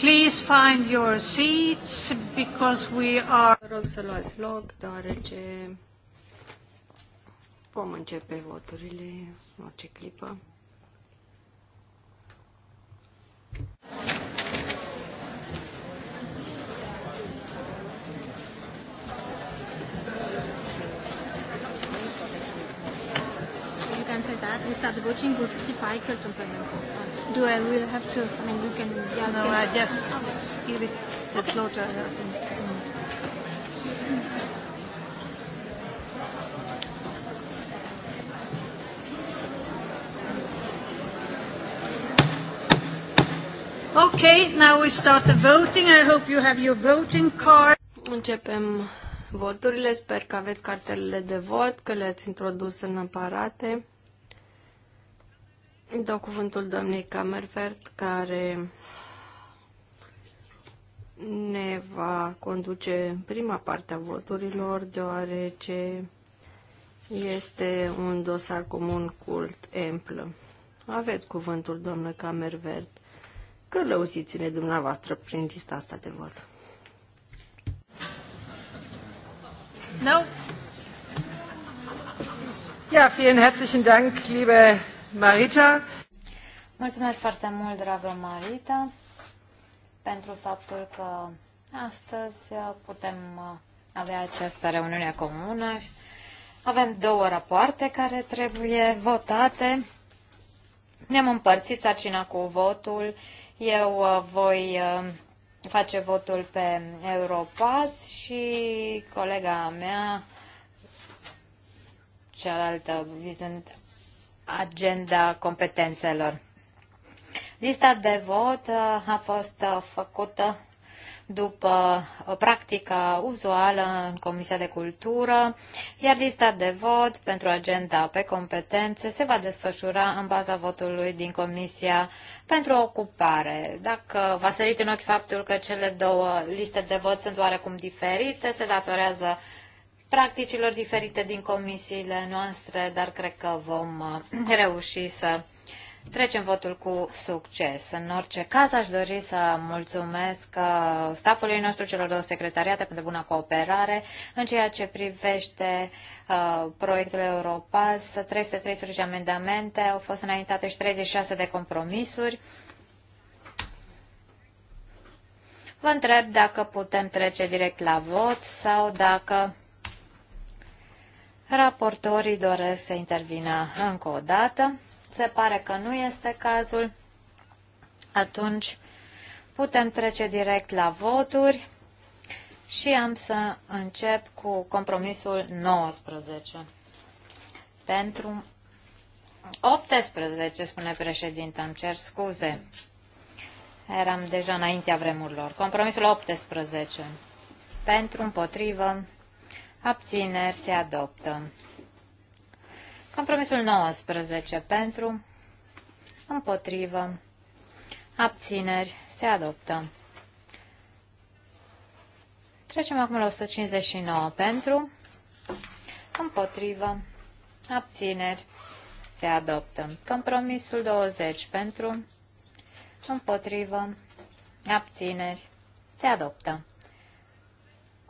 Please find your seats because we are... Vă Rog să luați loc, deoarece vom începe voturile în orice clipă. You can say that. We start watching with 55 cultural Do I really have to? I mean, you can. Yeah, no, can, I just okay. give it the okay. floor to her. Okay, now we start the voting. I hope you have your voting card. Începem voturile. Sper că aveți cartelele de vot, că le-ați introdus în aparate. Dau cuvântul doamnei Camerfert care ne va conduce prima parte a voturilor, deoarece este un dosar comun cult amplă. Aveți cuvântul, doamnă Camervert. Călăuziți-ne dumneavoastră prin lista asta de vot. Nu? No? Ja, vielen herzlichen Dank, liebe Marita. Mulțumesc foarte mult, dragă Marita, pentru faptul că astăzi uh, putem uh, avea această reuniune comună. Avem două rapoarte care trebuie votate. Ne-am împărțit sarcina cu votul. Eu uh, voi face votul pe Europas și colega mea, cealaltă vizând agenda competențelor. Lista de vot uh, a fost uh, făcută după practica uzuală în Comisia de Cultură, iar lista de vot pentru agenda pe competențe se va desfășura în baza votului din Comisia pentru Ocupare. Dacă v-a sărit în ochi faptul că cele două liste de vot sunt oarecum diferite, se datorează practicilor diferite din comisiile noastre, dar cred că vom uh, reuși să trecem votul cu succes. În orice caz, aș dori să mulțumesc uh, staffului nostru, celor două secretariate, pentru buna cooperare în ceea ce privește uh, proiectul Europas. 313 amendamente, au fost înaintate și 36 de compromisuri. Vă întreb dacă putem trece direct la vot sau dacă Raportorii doresc să intervină încă o dată. Se pare că nu este cazul. Atunci putem trece direct la voturi și am să încep cu compromisul 19. Pentru 18, spune președinte, îmi cer scuze. Eram deja înaintea vremurilor. Compromisul 18. Pentru, împotrivă, abțineri se adoptă. Compromisul 19 pentru, împotrivă, abțineri se adoptă. Trecem acum la 159 pentru, împotrivă, abțineri se adoptă. Compromisul 20 pentru, împotrivă, abțineri se adoptă.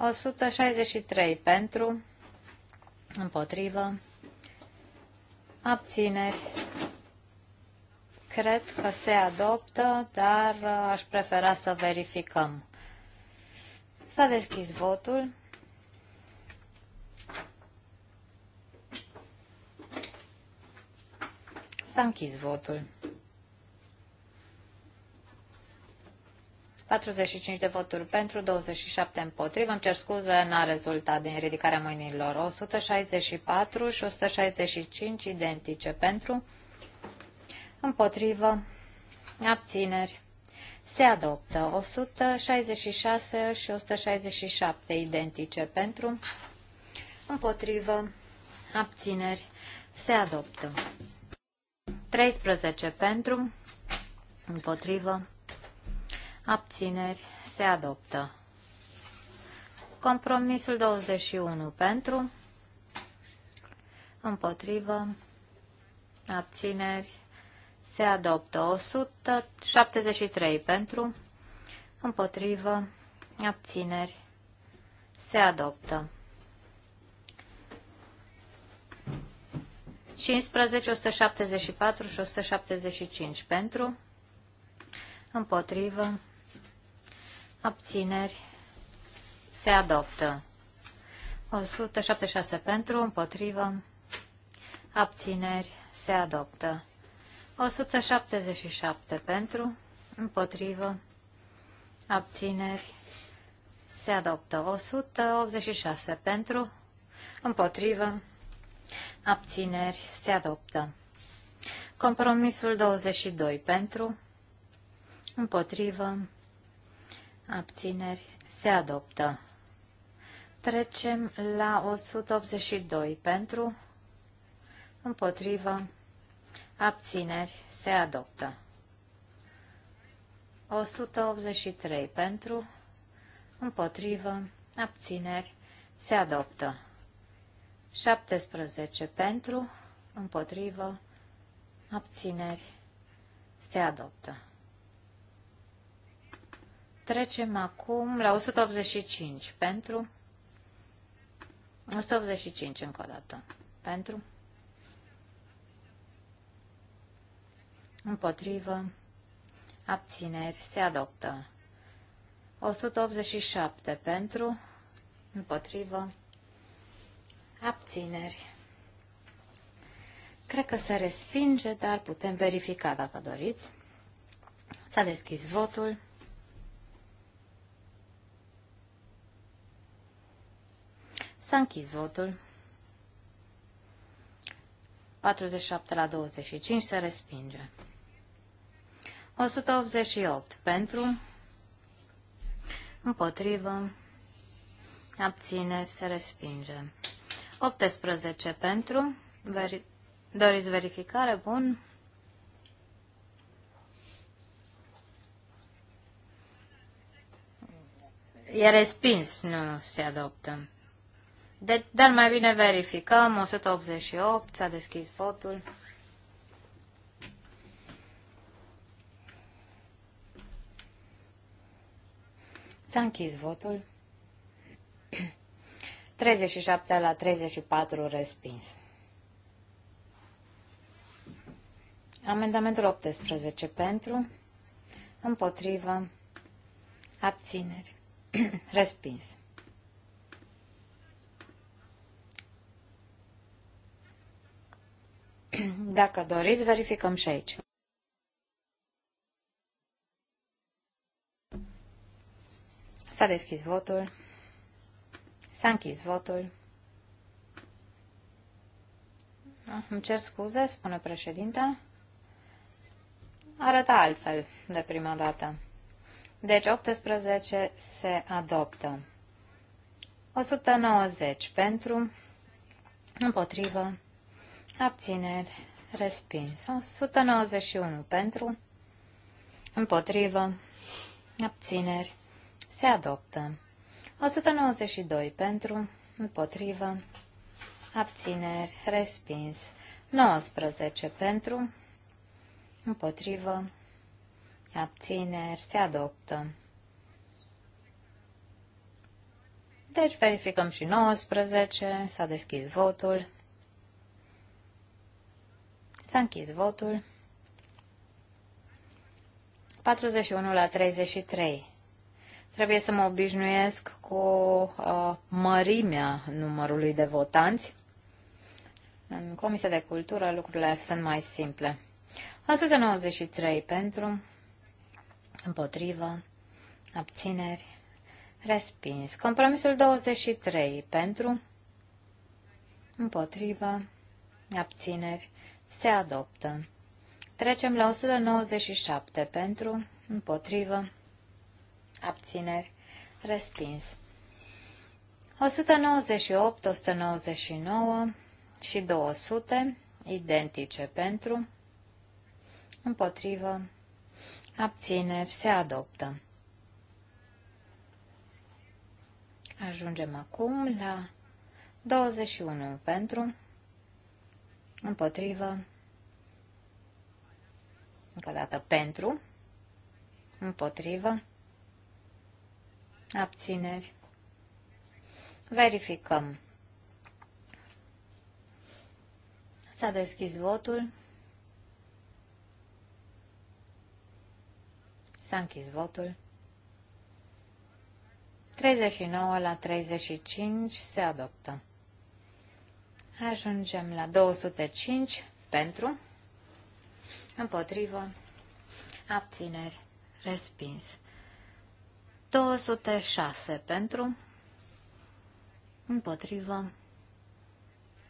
163 pentru, împotrivă, abțineri. Cred că se adoptă, dar uh, aș prefera să verificăm. S-a deschis votul. S-a închis votul. 45 de voturi pentru, 27 împotrivă. Îmi cer scuze, n-a rezultat din ridicarea mâinilor. 164 și 165 identice pentru, împotrivă, abțineri. Se adoptă 166 și 167 identice pentru, împotrivă, abțineri. Se adoptă 13 pentru, împotrivă, abțineri, se adoptă. Compromisul 21 pentru, împotrivă, abțineri, se adoptă. 173 pentru, împotrivă, abțineri, se adoptă. 15, 174 și 175 pentru, împotrivă, abțineri, se adoptă. 176 pentru, împotrivă, abțineri, se adoptă. 177 pentru, împotrivă, abțineri, se adoptă. 186 pentru, împotrivă, abțineri, se adoptă. Compromisul 22 pentru, împotrivă, abțineri, se adoptă. Trecem la 182 pentru, împotrivă, abțineri, se adoptă. 183 pentru, împotrivă, abțineri, se adoptă. 17 pentru, împotrivă, abțineri, se adoptă. Trecem acum la 185 pentru 185 încă o dată. Pentru împotrivă abțineri se adoptă. 187 pentru împotrivă abțineri. Cred că se respinge, dar putem verifica dacă doriți. S-a deschis votul. S-a închis votul. 47 la 25 se respinge. 188 pentru, împotrivă, abțineri se respinge. 18 pentru, veri, doriți verificare, bun. E respins, nu se adoptă. De, dar mai bine verificăm. 188 s-a deschis votul. S-a închis votul. 37 la 34 respins. Amendamentul 18 pentru, împotrivă, abțineri, respins. Dacă doriți, verificăm și aici. S-a deschis votul. S-a închis votul. Ah, îmi cer scuze, spune președinta. Arăta altfel de prima dată. Deci 18 se adoptă. 190 pentru, împotrivă, abțineri, respins. 191 pentru, împotrivă, abțineri, se adoptă. 192 pentru, împotrivă, abțineri, respins. 19 pentru, împotrivă, abțineri, se adoptă. Deci verificăm și 19, s-a deschis votul. S-a închis votul. 41 la 33. Trebuie să mă obișnuiesc cu uh, mărimea numărului de votanți. În Comisia de Cultură lucrurile sunt mai simple. 193 pentru, împotrivă, abțineri, respins. Compromisul 23 pentru, împotrivă, abțineri, se adoptă. Trecem la 197 pentru, împotrivă, abțineri, respins. 198, 199 și 200, identice pentru, împotrivă, abțineri, se adoptă. Ajungem acum la 21 pentru, împotrivă, încă o dată pentru, împotrivă, abțineri. Verificăm. S-a deschis votul. S-a închis votul. 39 la 35 se adoptă. Ajungem la 205 pentru, împotrivă, abțineri, respins. 206 pentru, împotrivă,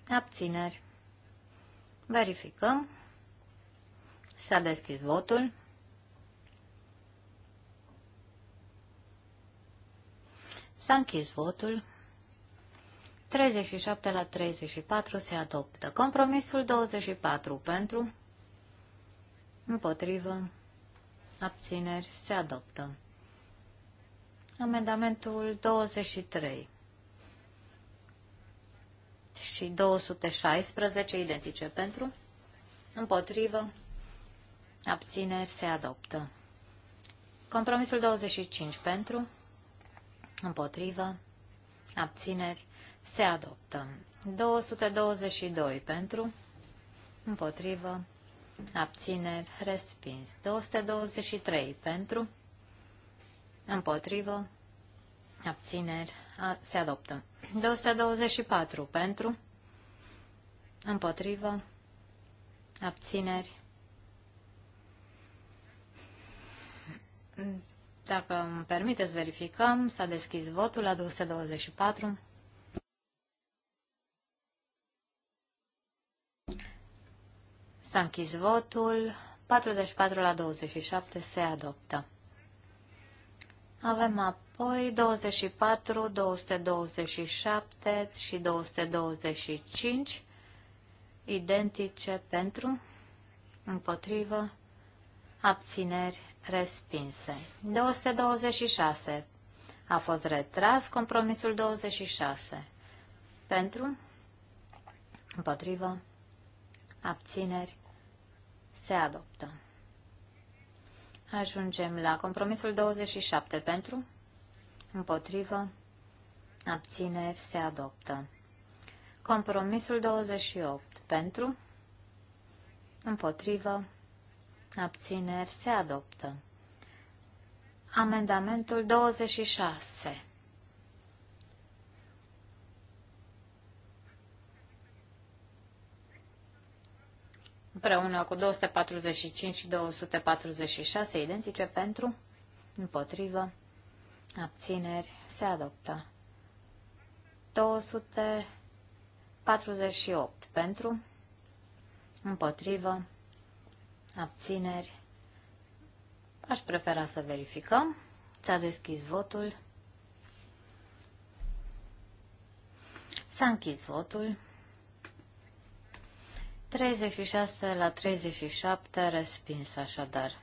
abțineri. Verificăm. S-a deschis votul. S-a închis votul. 37 la 34 se adoptă. Compromisul 24 pentru, împotrivă, abțineri se adoptă. Amendamentul 23 și 216 identice pentru, împotrivă, abțineri se adoptă. Compromisul 25 pentru, împotrivă, abțineri se adoptă. 222 pentru, împotrivă, abțineri, respins. 223 pentru, împotrivă, abțineri, se adoptă. 224 pentru, împotrivă, abțineri. Dacă îmi permiteți, verificăm. S-a deschis votul la 224. S-a închis votul. 44 la 27 se adoptă. Avem apoi 24, 227 și 225 identice pentru, împotrivă, abțineri respinse. 226 a fost retras compromisul 26 pentru, împotrivă, abțineri se adoptă. Ajungem la compromisul 27 pentru, împotrivă, abțineri, se adoptă. Compromisul 28 pentru, împotrivă, abțineri, se adoptă. Amendamentul 26 împreună cu 245 și 246 identice pentru, împotrivă, abțineri, se adoptă. 248 pentru, împotrivă, abțineri. Aș prefera să verificăm. ți a deschis votul. S-a închis votul. 36 la 37, respins așadar.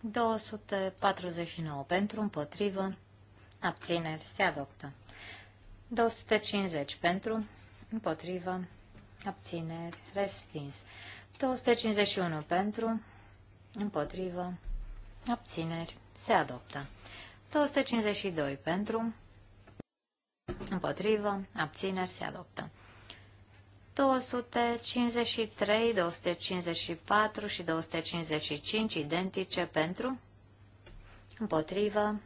249 pentru, împotrivă, abțineri, se adoptă. 250 pentru, împotrivă, abțineri, respins. 251 pentru, împotrivă, abțineri, se adoptă. 252 pentru, împotrivă, abțineri, se adoptă. 253, 254 și 255 identice pentru, împotrivă,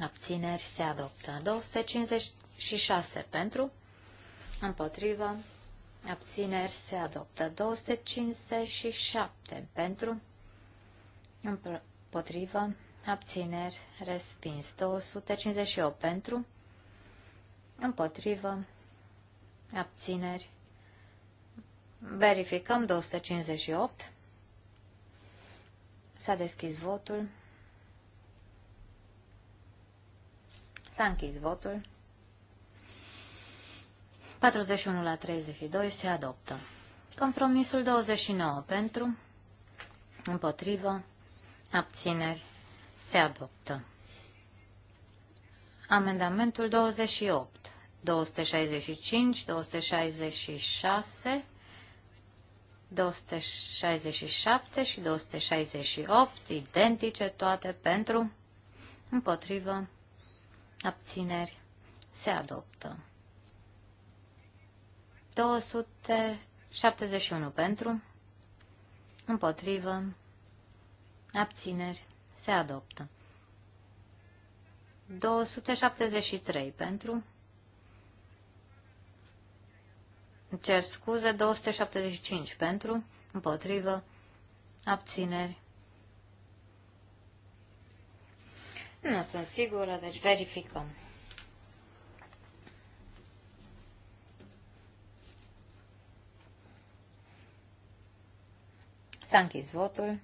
abțineri se adoptă. 256 pentru, împotrivă, abțineri se adoptă. 257 pentru, împotrivă, abțineri respins. 258 pentru, împotrivă, abțineri Verificăm 258. S-a deschis votul. S-a închis votul. 41 la 32 se adoptă. Compromisul 29 pentru, împotrivă, abțineri, se adoptă. Amendamentul 28, 265, 266, 267 și 268, identice toate pentru, împotrivă, abțineri, se adoptă. 271 pentru, împotrivă, abțineri, se adoptă. 273 pentru, Îmi cer scuze, 275 pentru, împotrivă, abțineri. Nu sunt sigură, deci verificăm. S-a închis votul.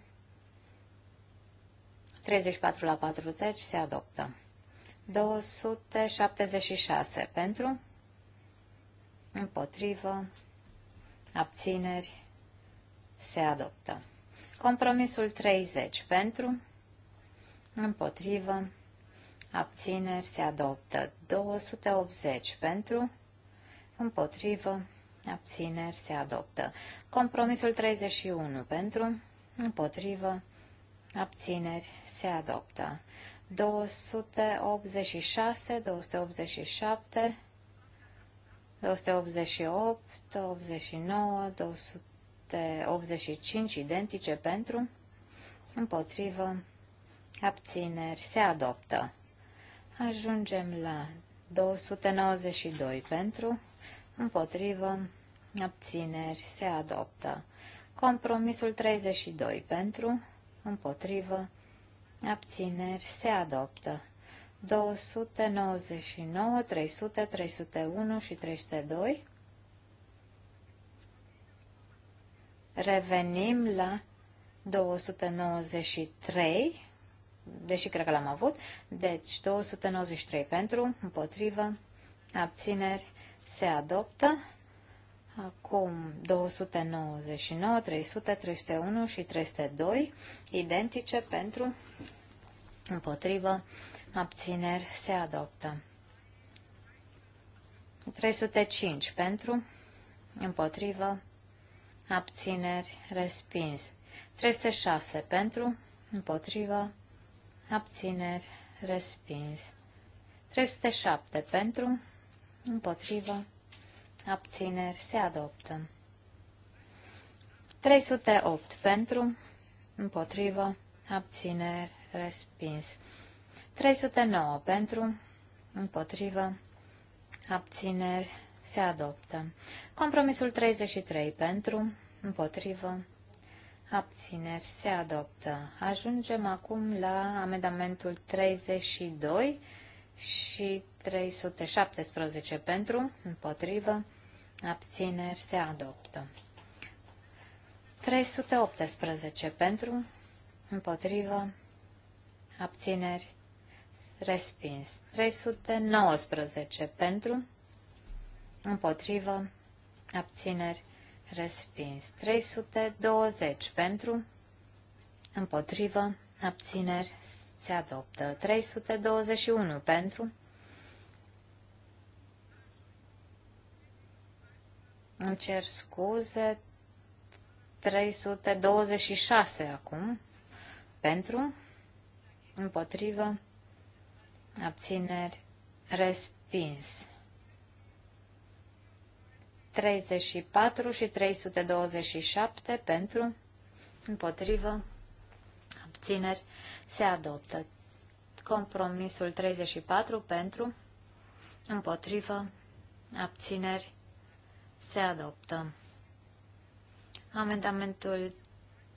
34 la 40 se adoptă. 276 pentru, împotrivă, abțineri, se adoptă. Compromisul 30 pentru, împotrivă, abțineri, se adoptă. 280 pentru, împotrivă, abțineri, se adoptă. Compromisul 31 pentru, împotrivă, abțineri, se adoptă. 286, 287, 288, 89, 285 identice pentru, împotrivă, abțineri, se adoptă. Ajungem la 292 pentru, împotrivă, abțineri, se adoptă. Compromisul 32 pentru, împotrivă, abțineri, se adoptă. 299, 300, 301 și 302. Revenim la 293, deși cred că l-am avut. Deci 293 pentru, împotrivă, abțineri, se adoptă. Acum 299, 300, 301 și 302, identice pentru, împotrivă, abțineri, se adoptă. 305 pentru, împotrivă, abțineri, respins. 306 pentru, împotrivă, abțineri, respins. 307 pentru, împotrivă, abțineri, se adoptă. 308 pentru, împotrivă, abțineri, respins. 309 pentru, împotrivă, abțineri, se adoptă. Compromisul 33 pentru, împotrivă, abțineri, se adoptă. Ajungem acum la amendamentul 32 și 317 pentru, împotrivă, abțineri, se adoptă. 318 pentru, împotrivă, abțineri, Respins. 319 pentru, împotrivă, abțineri, respins. 320 pentru, împotrivă, abțineri, se adoptă. 321 pentru, îmi cer scuze, 326 acum, pentru, împotrivă, abțineri, respins. 34 și 327 pentru, împotrivă, abțineri, se adoptă. Compromisul 34 pentru, împotrivă, abțineri, se adoptă. Amendamentul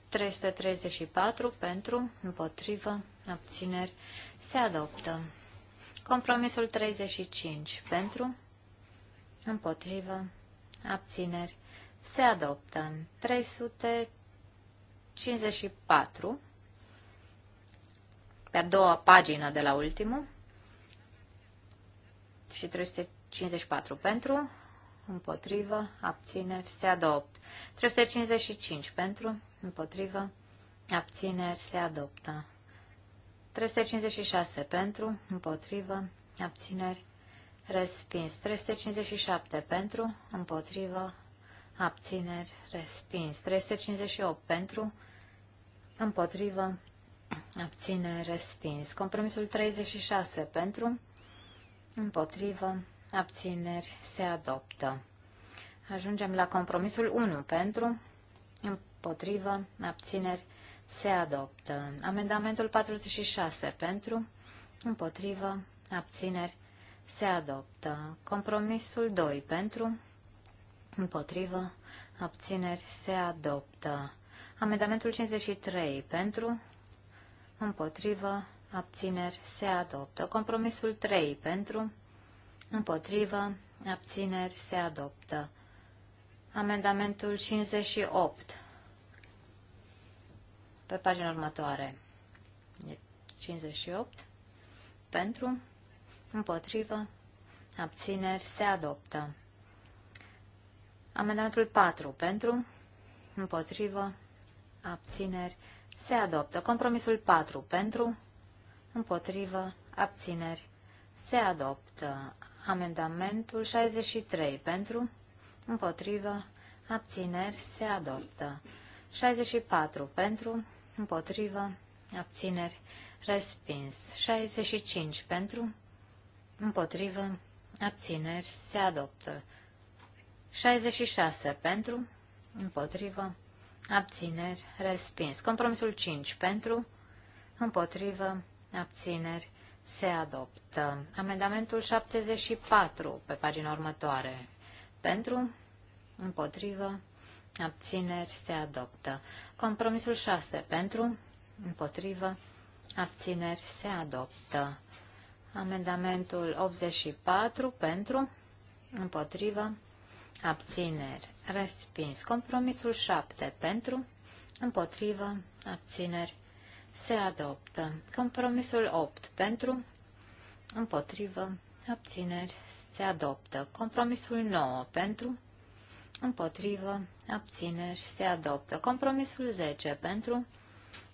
334 pentru, împotrivă, abțineri, se adoptă. Compromisul 35 pentru, împotrivă, abțineri, se adoptă. 354 pe a doua pagină de la ultimul și 354 pentru, împotrivă, abțineri, se adoptă. 355 pentru, împotrivă, abțineri, se adoptă. 356 pentru, împotrivă, abțineri, respins. 357 pentru, împotrivă, abțineri, respins. 358 pentru, împotrivă, abțineri, respins. Compromisul 36 pentru, împotrivă, abțineri, se adoptă. Ajungem la compromisul 1 pentru, împotrivă, abțineri, se adoptă. Amendamentul 46 pentru, împotrivă, abțineri, se adoptă. Compromisul 2 pentru, împotrivă, abțineri, se adoptă. Amendamentul 53 pentru, împotrivă, abțineri, se adoptă. Compromisul 3 pentru, împotrivă, abțineri, se adoptă. Amendamentul 58 pe pagina următoare. 58. Pentru, împotrivă, abțineri, se adoptă. Amendamentul 4. Pentru, împotrivă, abțineri, se adoptă. Compromisul 4. Pentru, împotrivă, abțineri, se adoptă. Amendamentul 63. Pentru, împotrivă, abțineri, se adoptă. 64 pentru, împotrivă, abțineri, respins. 65 pentru, împotrivă, abțineri, se adoptă. 66 pentru, împotrivă, abțineri, respins. Compromisul 5 pentru, împotrivă, abțineri, se adoptă. Amendamentul 74 pe pagina următoare. Pentru, împotrivă, abțineri se adoptă. Compromisul 6 pentru, împotrivă, abțineri se adoptă. Amendamentul 84 pentru, împotrivă, abțineri respins. Compromisul 7 pentru, împotrivă, abțineri se adoptă. Compromisul 8 pentru, împotrivă, abțineri se adoptă. Compromisul 9 pentru, împotrivă, abțineri, se adoptă. Compromisul 10 pentru,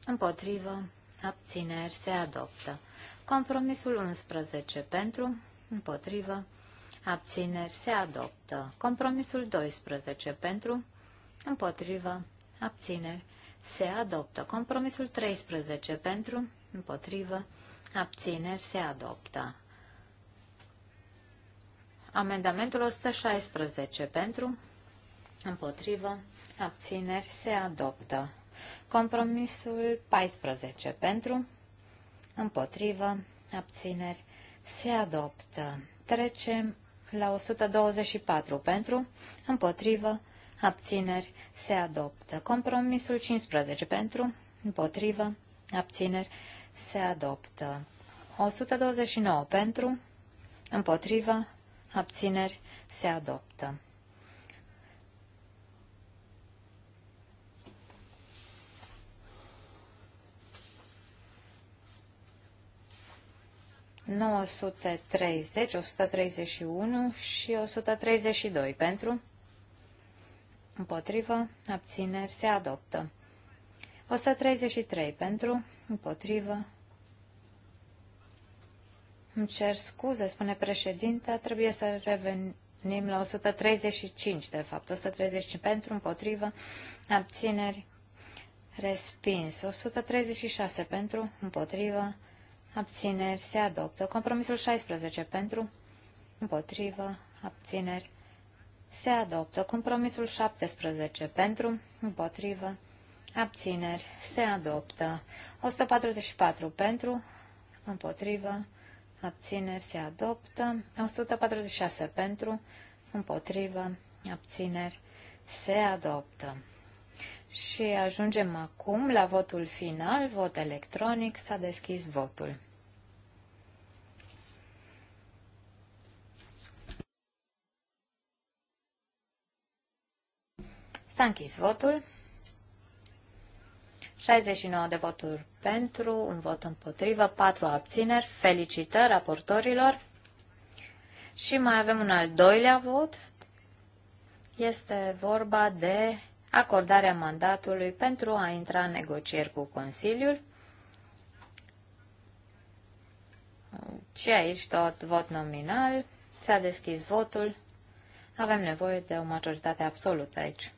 împotrivă, abțineri, se adoptă. Compromisul 11 pentru, împotrivă, abțineri, se adoptă. Compromisul 12 pentru, împotrivă, abțineri, se adoptă. Compromisul 13 pentru, împotrivă, abțineri, se adoptă. Amendamentul 116 pentru, împotrivă, abțineri, se adoptă. Compromisul 14 pentru, împotrivă, abțineri, se adoptă. Trecem la 124 pentru, împotrivă, abțineri, se adoptă. Compromisul 15 pentru, împotrivă, abțineri, se adoptă. 129 pentru, împotrivă, abțineri, se adoptă. 930, 131 și 132 pentru, împotrivă, abțineri, se adoptă. 133 pentru, împotrivă. Îmi cer scuze, spune președinte, trebuie să revenim la 135, de fapt. 135 pentru, împotrivă, abțineri, respins. 136 pentru, împotrivă, abțineri, se adoptă. Compromisul 16 pentru, împotrivă, abțineri, se adoptă. Compromisul 17 pentru, împotrivă, abțineri, se adoptă. 144 pentru, împotrivă, abțineri, se adoptă. 146 pentru, împotrivă, abțineri, se adoptă. Și ajungem acum la votul final, vot electronic, s-a deschis votul. S-a închis votul. 69 de voturi pentru, un vot împotrivă, 4 abțineri. Felicitări raportorilor. Și mai avem un al doilea vot. Este vorba de acordarea mandatului pentru a intra în negocieri cu Consiliul. Și aici tot vot nominal. S-a deschis votul. Avem nevoie de o majoritate absolută aici.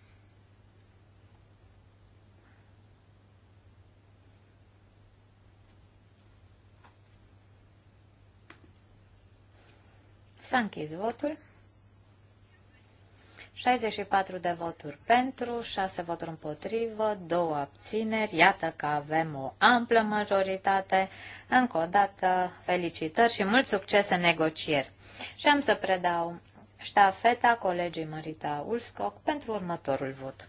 S-a închis votul. 64 de voturi pentru, 6 voturi împotrivă, 2 abțineri. Iată că avem o amplă majoritate. Încă o dată, felicitări și mult succes în negocieri. Și am să predau ștafeta colegii Marita Ulscoc pentru următorul vot.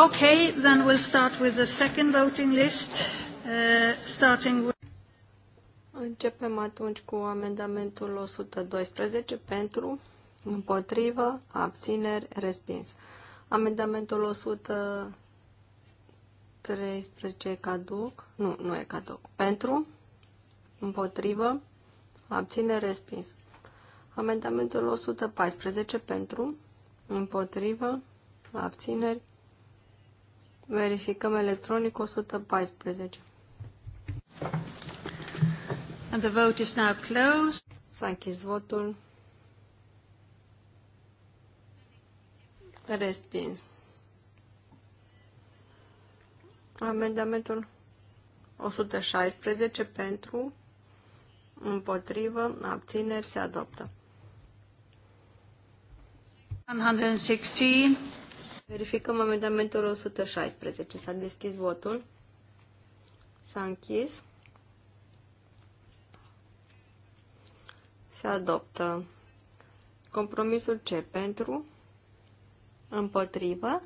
Okay, then we'll start with the second voting list, uh, starting with... Începem atunci cu amendamentul 112 pentru, împotrivă, abțineri, respins. Amendamentul 113 caduc, nu, nu e caduc, pentru, împotrivă, abțineri, respins. Amendamentul 114 pentru, împotrivă, abțineri, Verificăm electronic 114. And the vote is now closed. S-a închis votul. Respins. Amendamentul 116 pentru, împotrivă, abțineri se adoptă. 116. Verificăm amendamentul 116. S-a deschis votul. S-a închis. Se adoptă. Compromisul C pentru, împotrivă,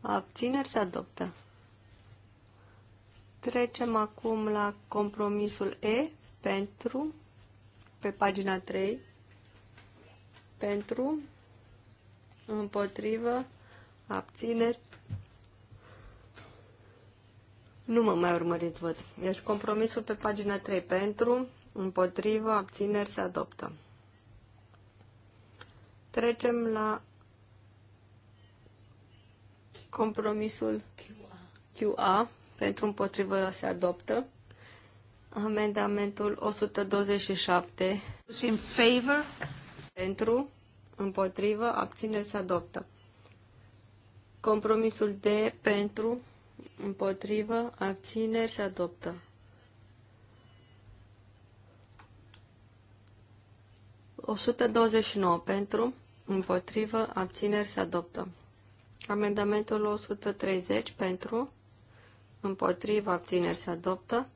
abțineri se adoptă. Trecem acum la compromisul E pentru, pe pagina 3, pentru, împotrivă, abțineri. Nu mă mai urmăriți, văd. Deci compromisul pe pagina 3 pentru, împotrivă, abțineri se adoptă. Trecem la compromisul QA. Pentru împotrivă se adoptă. Amendamentul 127. In favor. Pentru, împotrivă, abțineri se adoptă. Compromisul de pentru, împotrivă, abțineri se adoptă. O sută douăzeci și nouă pentru, împotrivă, abțineri se adoptă. Amendamentul 130 pentru, împotrivă, abțineri se adoptă.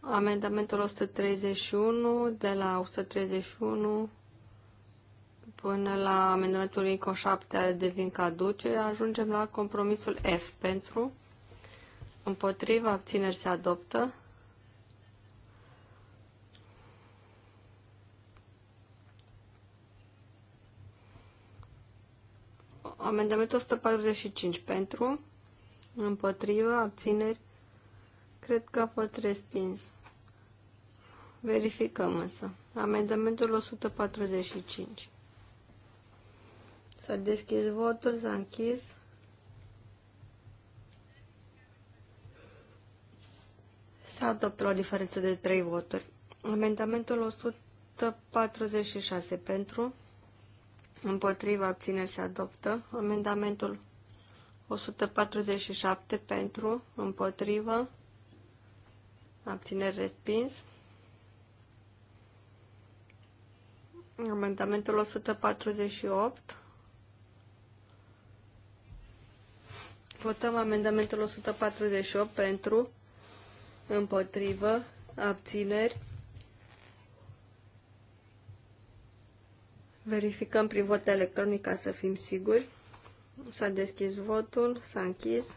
Amendamentul 131 de la 131 până la amendamentul ICO 7 devin caduce, ajungem la compromisul F pentru, împotriva, abțineri se adoptă. Amendamentul 145 pentru, împotriva, abțineri, cred că a fost respins. Verificăm însă. Amendamentul 145. S-a deschis votul, s-a închis. S-a adoptat o diferență de 3 voturi. Amendamentul 146 pentru, împotriva abțineri se adoptă. Amendamentul 147 pentru, Împotriva. abțineri respins. Amendamentul 148 Votăm amendamentul 148 pentru, împotrivă, abțineri. Verificăm prin vot electronic ca să fim siguri. S-a deschis votul, s-a închis.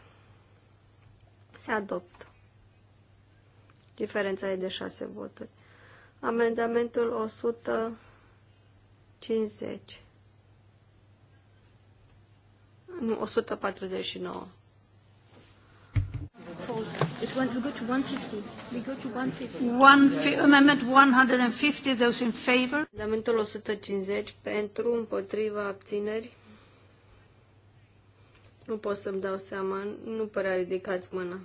Se adoptă. Diferența e de 6 voturi. Amendamentul 150. Nu, 149 falls. we go to 150. We go to 150. One amendment 150, those in favor. Amendamentul 150 pentru, împotriva, abțineri. Nu pot să-mi dau seama, nu părea ridicați mâna.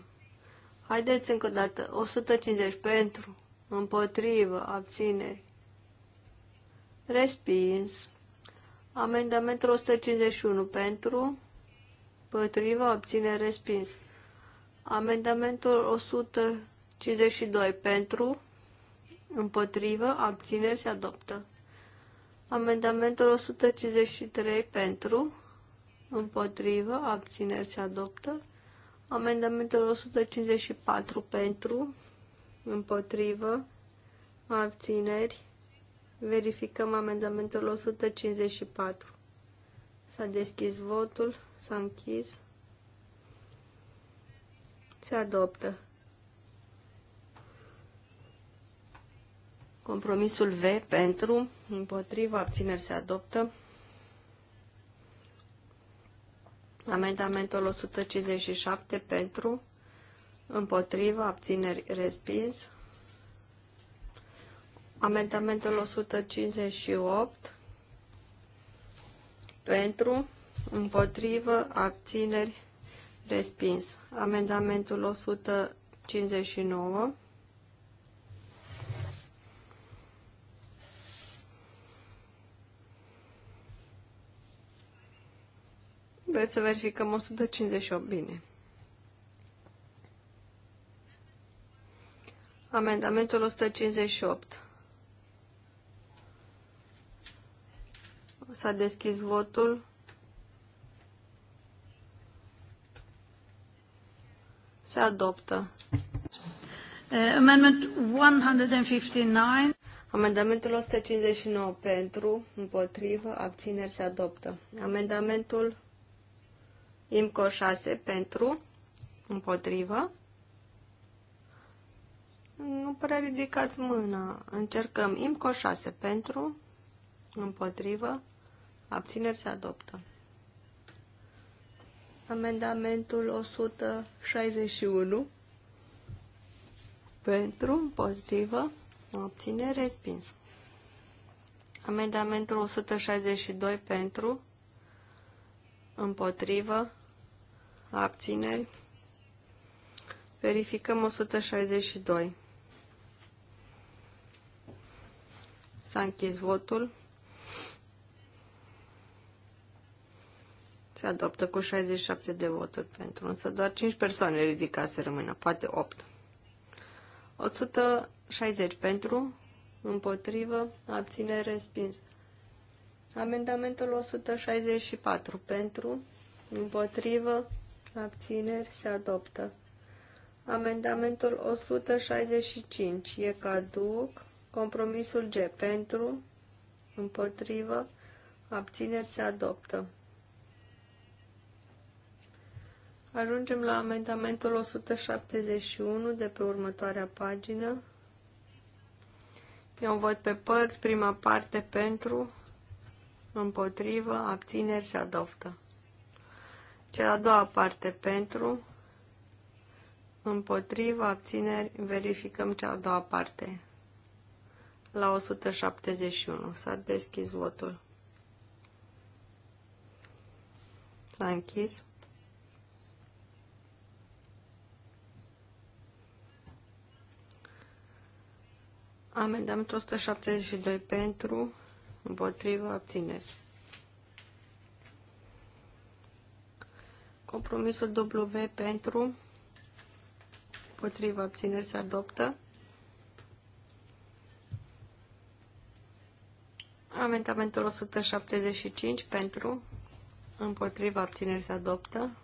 Haideți încă o dată. 150 pentru, împotrivă, abțineri. Respins. Amendamentul 151 pentru, împotrivă, abțineri, respins. Amendamentul 152 pentru, împotrivă, abțineri se adoptă. Amendamentul 153 pentru, împotrivă, abțineri se adoptă. Amendamentul 154 pentru, împotrivă, abțineri. Verificăm amendamentul 154. S-a deschis votul, s-a închis. Se adoptă. Compromisul V pentru, împotriva, abțineri se adoptă. Amendamentul 157 pentru, împotriva, abțineri respins. Amendamentul 158 pentru, împotrivă, abțineri Respins. Amendamentul 159. Vreți să verificăm 158? Bine. Amendamentul 158. S-a deschis votul. Se adoptă. Amendment 159. Amendamentul 159 pentru, împotrivă, abțineri se adoptă. Amendamentul IMCO 6 pentru, împotrivă. Nu prea ridicați mâna. Încercăm IMCO 6 pentru, împotrivă, abțineri se adoptă. Amendamentul 161 pentru, împotrivă, obține respins. Amendamentul 162 pentru, împotrivă, abțineri. Verificăm 162. S-a închis votul. se adoptă cu 67 de voturi pentru, însă doar 5 persoane ridicase rămână, poate 8. 160 pentru, împotrivă, abține respins. Amendamentul 164 pentru, împotrivă, abțineri se adoptă. Amendamentul 165 e caduc, compromisul G pentru, împotrivă, abțineri se adoptă. Ajungem la amendamentul 171 de pe următoarea pagină. Eu vot pe părți, prima parte pentru, împotrivă, abțineri se adoptă. Cea a doua parte pentru, împotrivă, abțineri, verificăm cea a doua parte. La 171 s-a deschis votul. S-a închis. Amendamentul 172 pentru, împotrivă, abțineri. Compromisul W pentru, împotrivă, abțineri se adoptă. Amendamentul 175 pentru, împotrivă, abțineri se adoptă.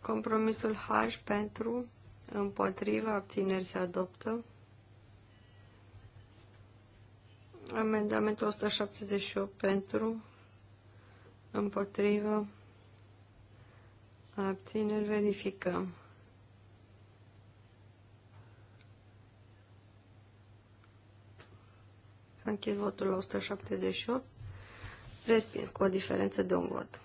Compromisul H pentru, Împotrivă, abțineri se adoptă. Amendamentul 178 pentru, împotrivă, abțineri, verificăm. S-a închis votul la 178, respins cu o diferență de un vot.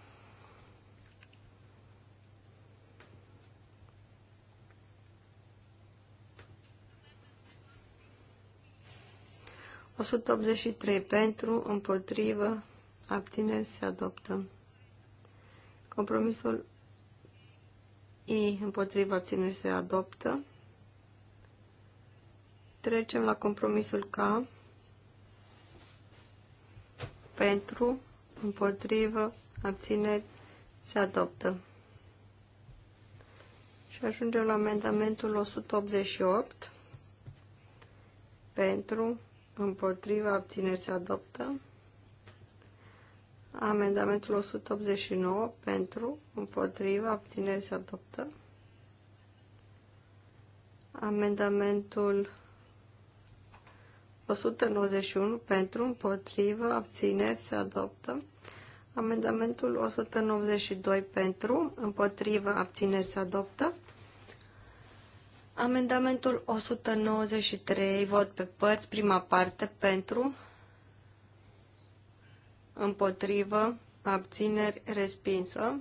183 pentru, împotrivă, abțineri se adoptă. Compromisul I împotrivă abțineri se adoptă. Trecem la compromisul K pentru, împotrivă, abțineri se adoptă. Și ajungem la amendamentul 188 pentru, împotriva, abțineri se adoptă. Amendamentul 189 pentru, împotriva, abțineri se adoptă. Amendamentul 191 pentru, împotriva abțineri se adoptă. Amendamentul 192 pentru, împotriva abțineri se adoptă. Amendamentul 193, vot pe părți, prima parte, pentru, împotrivă, abțineri, respinsă.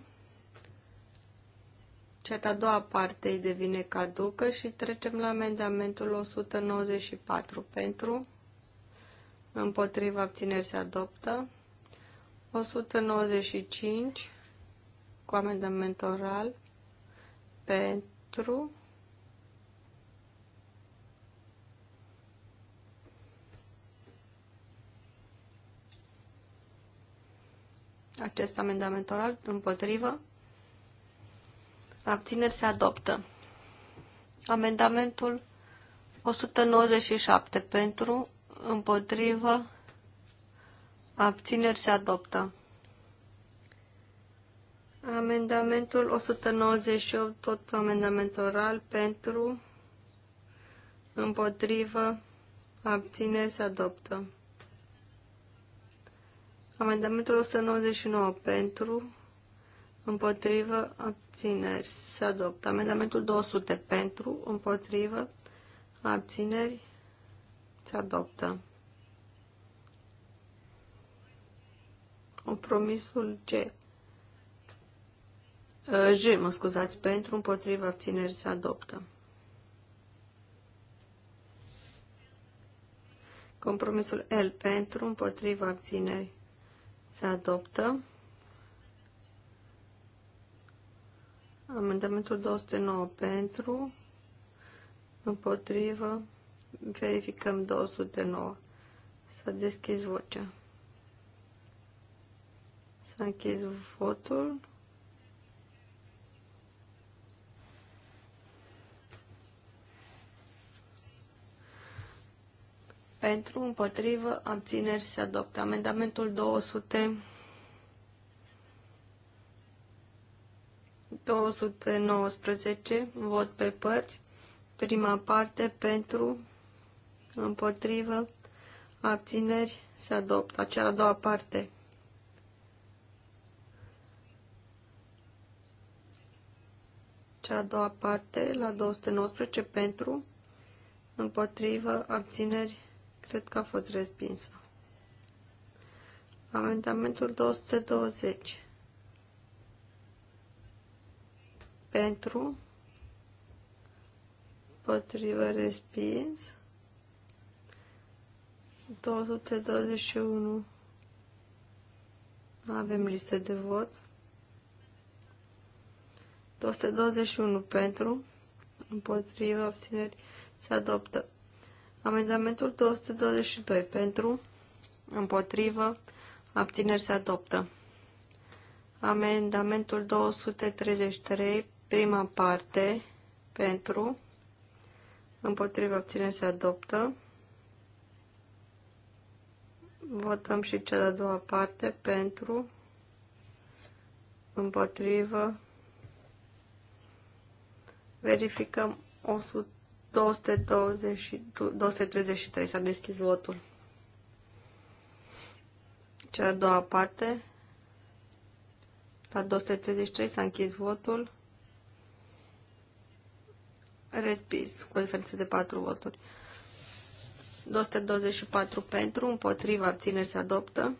Cea a doua parte îi devine caducă și trecem la amendamentul 194, pentru, împotrivă, abțineri, se adoptă. 195, cu amendament oral, pentru, acest amendament oral? Împotrivă? Abțineri se adoptă. Amendamentul 197 pentru, împotrivă, abțineri se adoptă. Amendamentul 198, tot amendament oral, pentru, împotrivă, abțineri se adoptă. Amendamentul 199 pentru, împotrivă, abțineri, se adoptă. Amendamentul 200 pentru, împotrivă, abțineri, se adoptă. Compromisul G. J, uh, mă scuzați, pentru, împotrivă, abțineri, se adoptă. Compromisul L pentru, împotriva abțineri. Se adoptă. Amendamentul 209 pentru, împotrivă, verificăm 209. S-a deschis vocea. S-a închis votul. Pentru, împotrivă, abțineri se adoptă. Amendamentul 200... 219, vot pe părți. Prima parte, pentru, împotrivă, abțineri se adoptă. Acea a doua parte, cea a doua parte, la 219, pentru, împotrivă, abțineri, Cred că a fost respinsă. Amendamentul 220. Pentru. Potrivă respins. 221. Avem listă de vot. 221 pentru, împotriva, obținerii se adoptă. Amendamentul 222 pentru, împotrivă, abțineri se adoptă. Amendamentul 233, prima parte, pentru, împotrivă, abțineri se adoptă. Votăm și cea de-a doua parte, pentru, împotrivă, verificăm 100. 220, 233 s-a deschis lotul. Cea a doua parte. La 233 s-a închis votul. Respis, cu o diferență de 4 voturi. 224 pentru, împotriva abțineri se adoptă.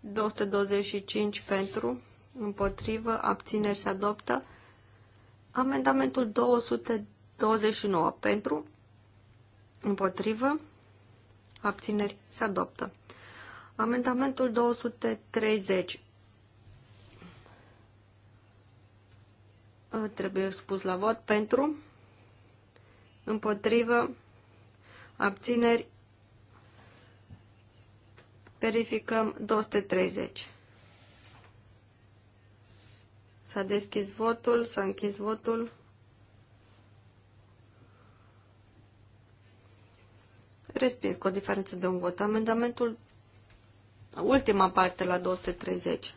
225 pentru, împotrivă, abțineri se adoptă. Amendamentul 200 29 pentru, împotrivă, abțineri, se adoptă. Amendamentul 230 ă, trebuie spus la vot pentru, împotrivă, abțineri, verificăm 230. S-a deschis votul, s-a închis votul. respins cu o diferență de un vot. Amendamentul, ultima parte la 230.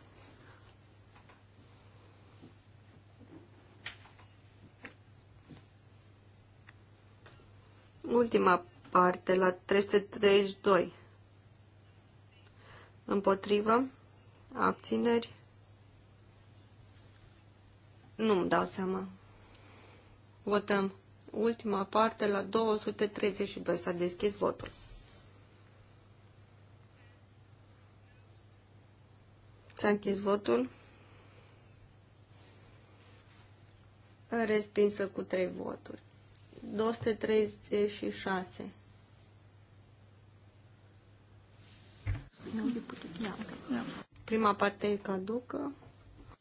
Ultima parte la 332. Împotrivă. Abțineri. Nu-mi dau seama. Votăm. Ultima parte la 232. S-a deschis votul. S-a închis votul. Respinsă cu 3 voturi. 236. Prima parte e caducă.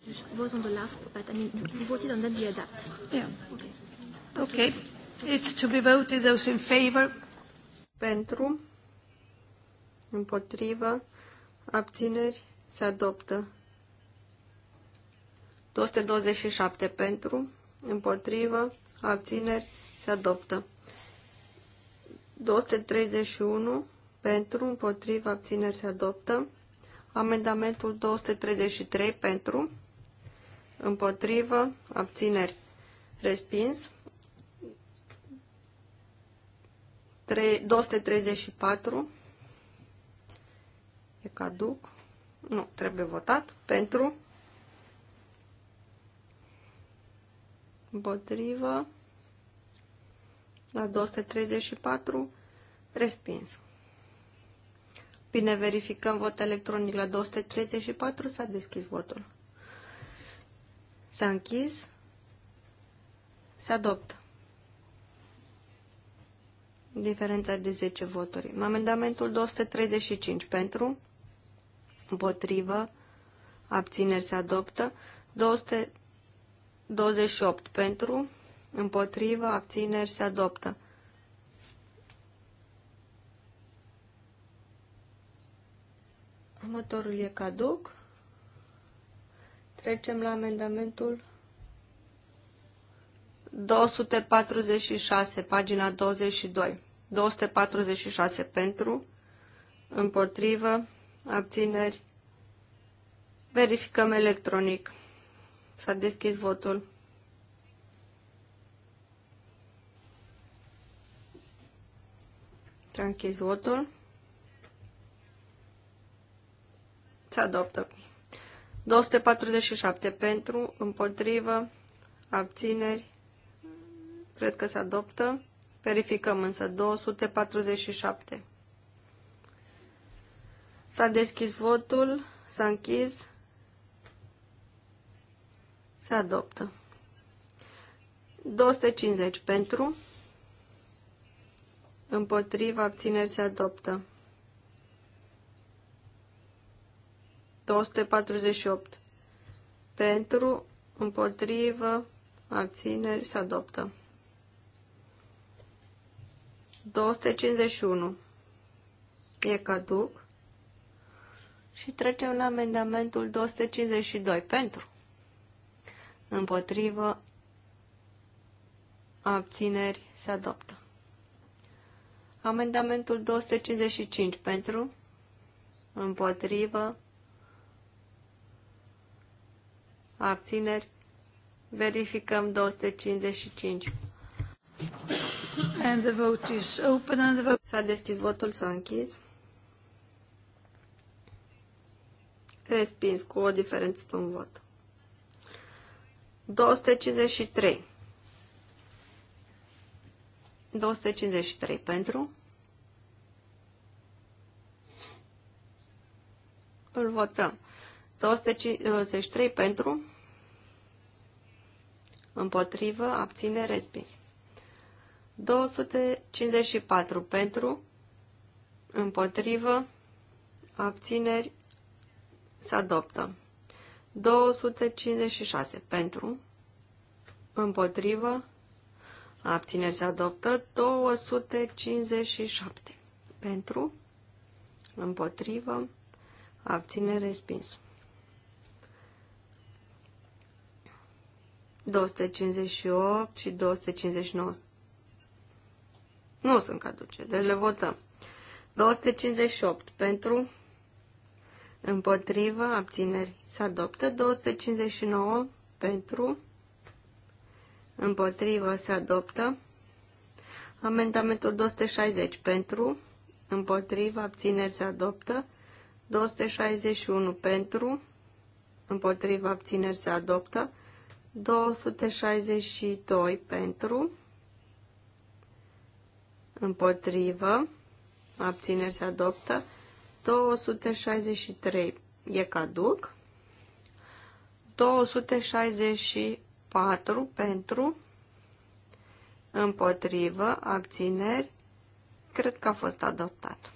Deci votul de last, but I mean, you voted dat. Yeah. Okay. Ok. It's to be voted those in favor. Pentru, împotrivă, abțineri, se adoptă. 227 pentru, împotrivă, abțineri, se adoptă. 231 pentru, împotrivă, abțineri, se adoptă. Amendamentul 233 pentru, împotrivă, abțineri, respins. 234 e caduc. Nu, trebuie votat pentru împotrivă la 234 respins. Bine, verificăm vot electronic la 234, s-a deschis votul. S-a închis, se adoptă diferența de 10 voturi. Amendamentul 235 pentru, împotrivă, abțineri se adoptă, 228 pentru, împotrivă, abțineri se adoptă. Următorul e caduc. Trecem la amendamentul 246, pagina 22. 246 pentru, împotrivă, abțineri. Verificăm electronic. S-a deschis votul. S-a închis votul. Se adoptă. 247 pentru, împotrivă, abțineri. Cred că se adoptă. Verificăm însă 247. S-a deschis votul, s-a închis, se adoptă. 250 pentru, împotriva, abțineri, se adoptă. 248 pentru, împotrivă, abțineri, se adoptă. 251 e caduc și trecem la amendamentul 252 pentru împotrivă abțineri se adoptă. Amendamentul 255 pentru împotrivă abțineri verificăm 255. And the vote is open and the vote... S-a deschis votul, s-a închis. Respins cu o diferență de un vot. 253. 253 pentru. Îl votăm. 253 pentru. Împotrivă, abține, respins. 254 pentru, împotrivă, abțineri, se adoptă. 256 pentru, împotrivă, abțineri, se adoptă. 257 pentru, împotrivă, abțineri, respins. 258 și 259 nu sunt caduce, deci le votăm. 258 pentru, împotrivă, abțineri se adoptă. 259 pentru, împotrivă, se adoptă. Amendamentul 260 pentru, împotrivă, abțineri se adoptă. 261 pentru, împotrivă, abțineri se adoptă. 262 pentru, împotrivă, abțineri se adoptă, 263 e caduc, 264 pentru, împotrivă, abțineri, cred că a fost adoptat,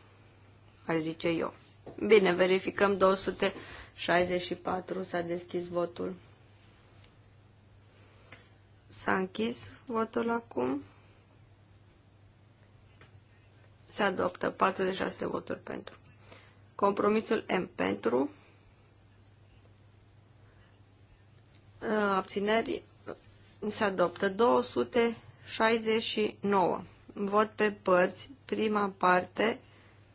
aș zice eu. Bine, verificăm 264, s-a deschis votul. S-a închis votul acum. Se adoptă 46 de voturi pentru. Compromisul M pentru. Uh, abțineri se adoptă 269. Vot pe părți, prima parte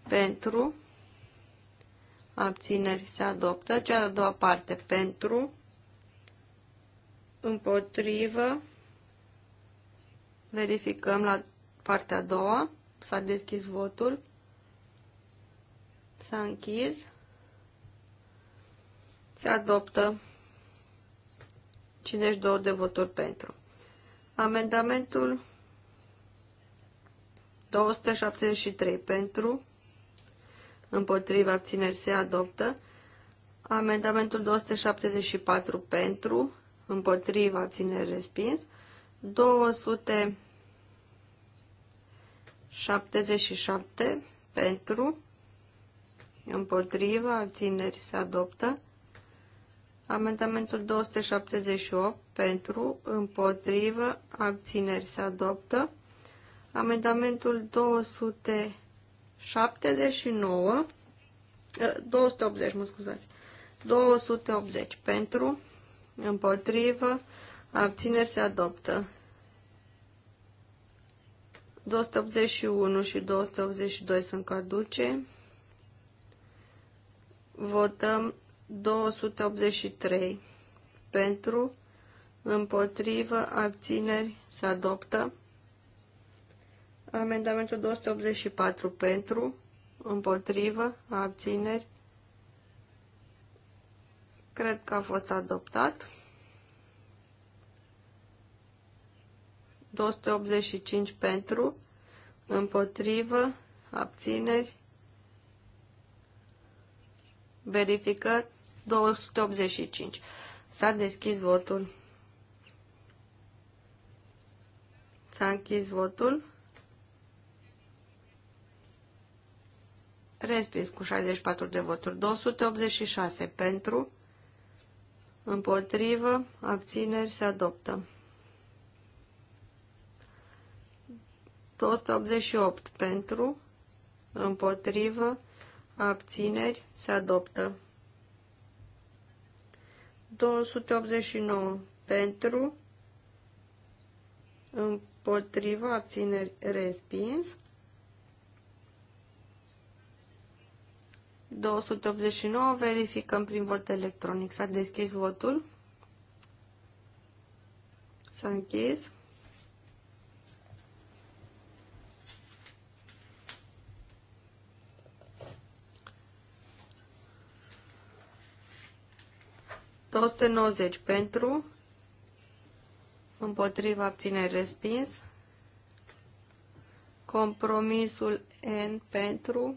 pentru. Abțineri se adoptă. Cea de-a doua parte pentru. Împotrivă. Verificăm la partea a doua. S-a deschis votul. S-a închis. Se adoptă 52 de voturi pentru. Amendamentul 273 pentru, împotriva abțineri se adoptă. Amendamentul 274 pentru, împotriva abțineri respins. 200 77 pentru, împotriva, abțineri se adoptă. Amendamentul 278 pentru, împotrivă, abțineri se adoptă. Amendamentul 279, 280, mă scuzați, 280 pentru, împotrivă, abțineri se adoptă. 281 și 282 sunt caduce. Votăm 283 pentru, împotrivă, abțineri, se adoptă. Amendamentul 284 pentru, împotrivă, abțineri. Cred că a fost adoptat. 285 pentru, împotrivă, abțineri, verifică 285. S-a deschis votul. S-a închis votul. Respins cu 64 de voturi. 286 pentru, împotrivă, abțineri, se adoptă. 288 pentru, împotrivă, abțineri, se adoptă. 289 pentru, împotrivă, abțineri, respins. 289, verificăm prin vot electronic. S-a deschis votul. S-a închis. 290 pentru, împotriva abțineri respins. Compromisul N pentru,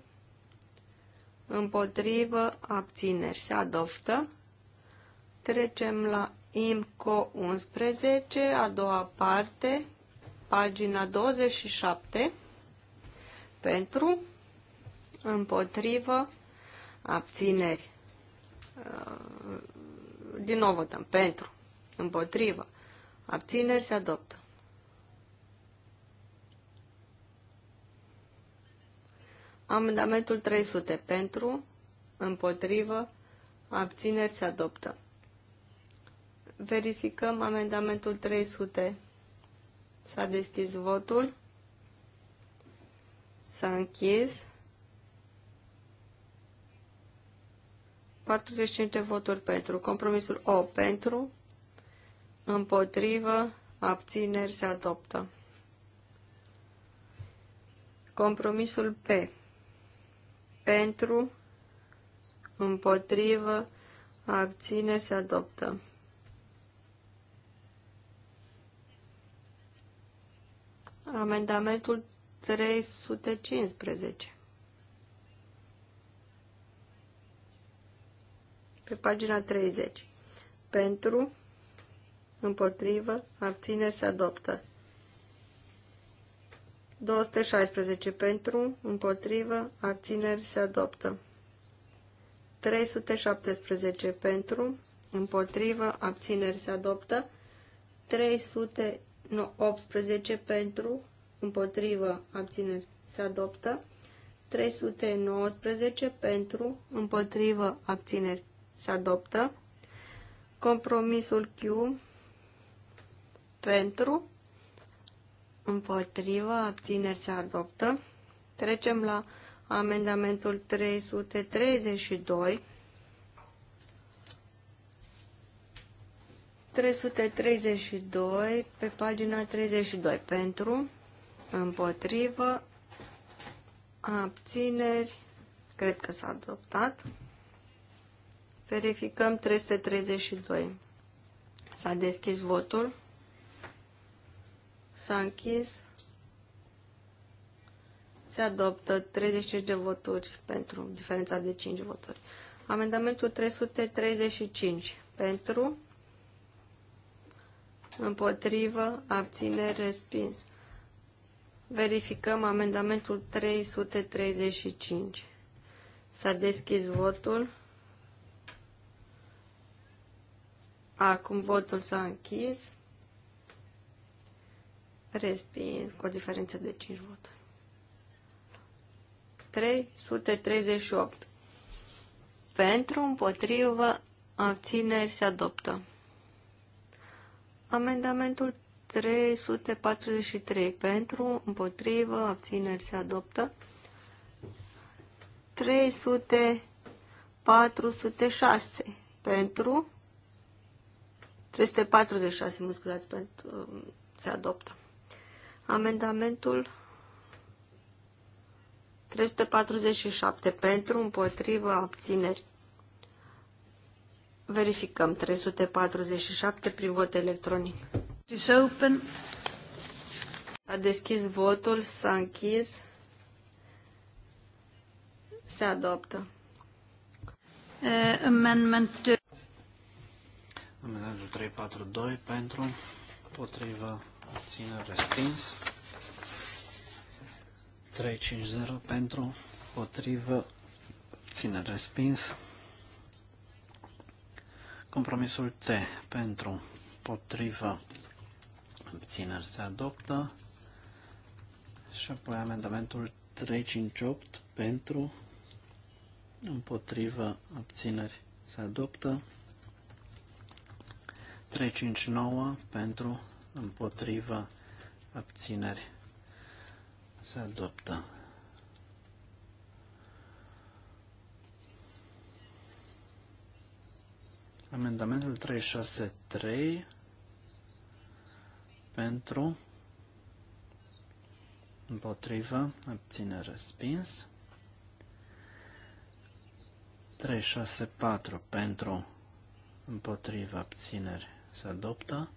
împotrivă abțineri se adoptă. Trecem la IMCO 11, a doua parte, pagina 27, pentru, împotrivă, abțineri. Din nou votăm pentru, împotrivă, abțineri se adoptă. Amendamentul 300 pentru, împotrivă, abțineri se adoptă. Verificăm amendamentul 300. S-a deschis votul. S-a închis. 45 de voturi pentru. Compromisul O pentru, împotrivă, abțineri se adoptă. Compromisul P pentru, împotrivă, abține se adoptă. Amendamentul 315. pe pagina 30. Pentru, împotrivă, abțineri se adoptă. 216 pentru, împotrivă, abțineri se adoptă. 317 pentru, împotrivă, abțineri se adoptă. 318 pentru, împotrivă, abțineri se adoptă. 319 pentru, împotrivă, abțineri se adoptă. Compromisul Q pentru, împotrivă, abțineri se adoptă. Trecem la amendamentul 332. 332 pe pagina 32 pentru, împotrivă, abțineri, cred că s-a adoptat. Verificăm 332. S-a deschis votul. S-a închis. Se adoptă 35 de voturi pentru diferența de 5 voturi. Amendamentul 335 pentru, împotrivă, abține, respins. Verificăm amendamentul 335. S-a deschis votul. Acum botul s-a închis. Respins cu o diferență de 5 voturi. 338. Pentru, împotrivă, abțineri se adoptă. Amendamentul 343. Pentru, împotrivă, abțineri se adoptă. 300, 406. Pentru, 346, mă scuzați, pentru, um, se adoptă. Amendamentul 347 pentru, împotrivă, abțineri. Verificăm 347 prin vot electronic. Is open. A deschis votul, s-a închis. Se adoptă. Uh, amendment Amendamentul 342 pentru, potriva, obține respins. 350 pentru, potrivă, abțineri, respins. Compromisul T pentru, potrivă, obținere se adoptă. Și apoi amendamentul 358 pentru, împotrivă, obțineri se adoptă. 359 pentru împotriva abțineri se adoptă. Amendamentul 363 pentru împotriva abține respins. 364 pentru împotriva abțineri se adoptă.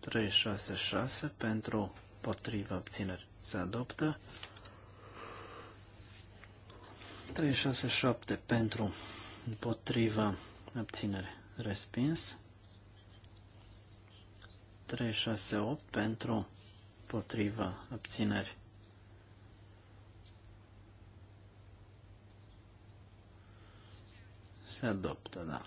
366 pentru potrivă obțineri se adoptă. 367 pentru potrivă abținere respins. 368 pentru potrivă abținere. Se adoptă, da.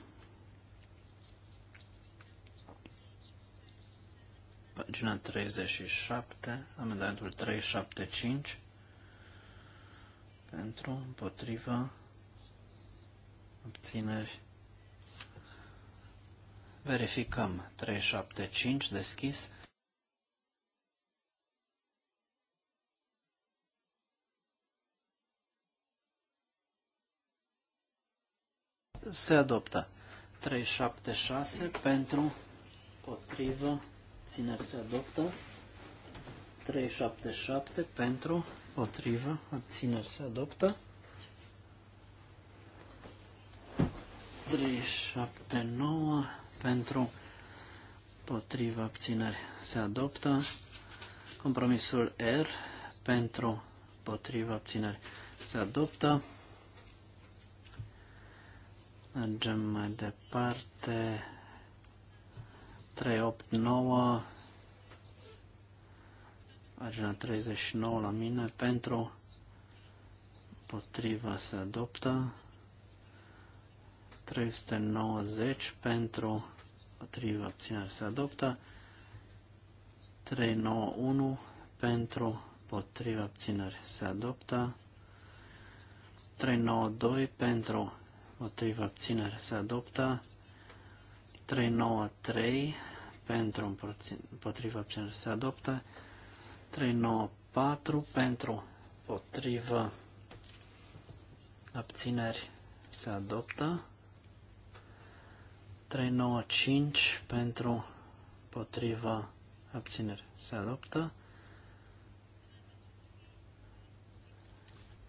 pagina 37, amendamentul 375, pentru, împotriva, obțineri. Verificăm 375 deschis. Se adoptă 376 pentru, potrivă, abțineri se adoptă. 377 pentru, potrivă, abțineri se adoptă. 379 pentru, potrivă, abțineri se adoptă. Compromisul R pentru, potrivă, abțineri se adoptă. Mergem mai departe. 3, 8, 9, pagina 39 la mine, pentru, potriva se adoptă, 390 pentru, potriva abținere se adoptă, 391 pentru, potriva abținere se adoptă, 392 pentru, potriva abținere se adoptă, 393 pentru împotriva abținere se adoptă. 394 pentru împotriva abțineri se adoptă. 395 pentru împotriva abțineri se adoptă.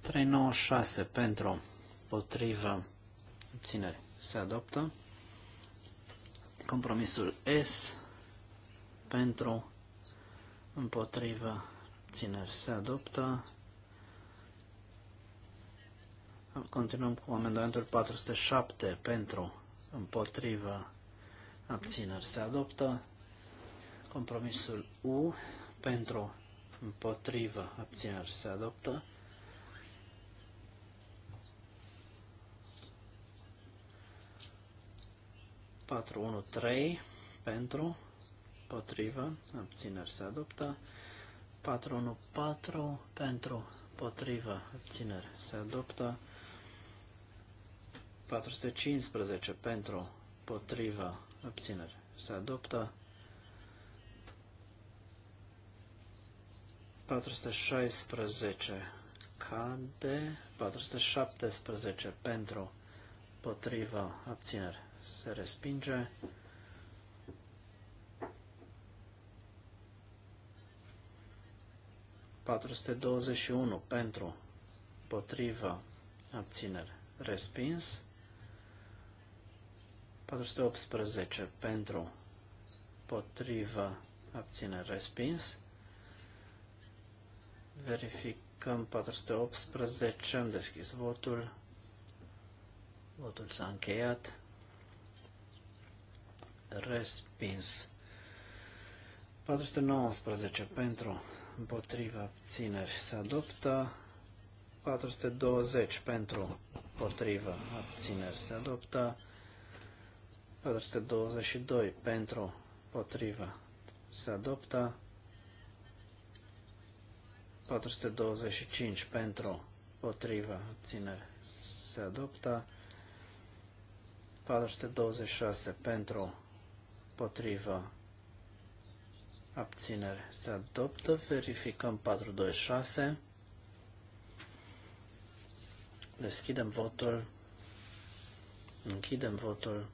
396 pentru împotriva abțineri se adoptă. Compromisul S pentru împotriva țineri se adoptă. Continuăm cu amendamentul 407 pentru împotriva abțineri se adoptă. Compromisul U pentru împotriva abțineri se adoptă. 413 pentru, potrivă, abțineri se adoptă. 414 pentru, potrivă, abțineri se adoptă. 415 pentru, potrivă, abțineri se adoptă. 416 cade, 417 pentru, potrivă, abțineri se respinge. ...421 pentru, potrivă, abținere, respins. 418 pentru, potrivă, abținere, respins. Verificăm 418, am deschis votul. Votul s-a încheiat respins. 419 pentru, împotriva abțineri se adoptă. 420 pentru, împotriva abțineri se adoptă. 422 pentru, împotriva se adoptă. 425 pentru, împotriva abțineri se adoptă. 426 pentru, potriva abținere se adoptă, verificăm 426, deschidem votul, închidem votul,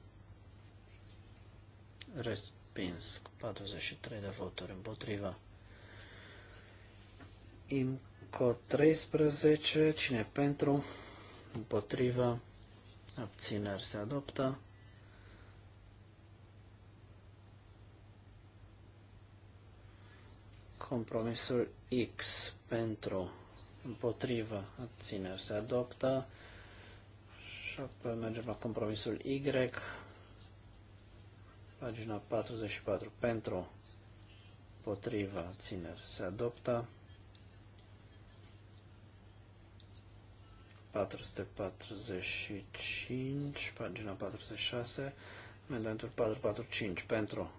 respins 43 de voturi împotriva. IMCO 13, cine pentru, împotriva, abțineri se adoptă. Compromisul X pentru împotrivă abțineri se adoptă. Și apoi mergem la compromisul Y. Pagina 44 pentru împotrivă abțineri se adoptă. 445, pagina 46, amendamentul 445 pentru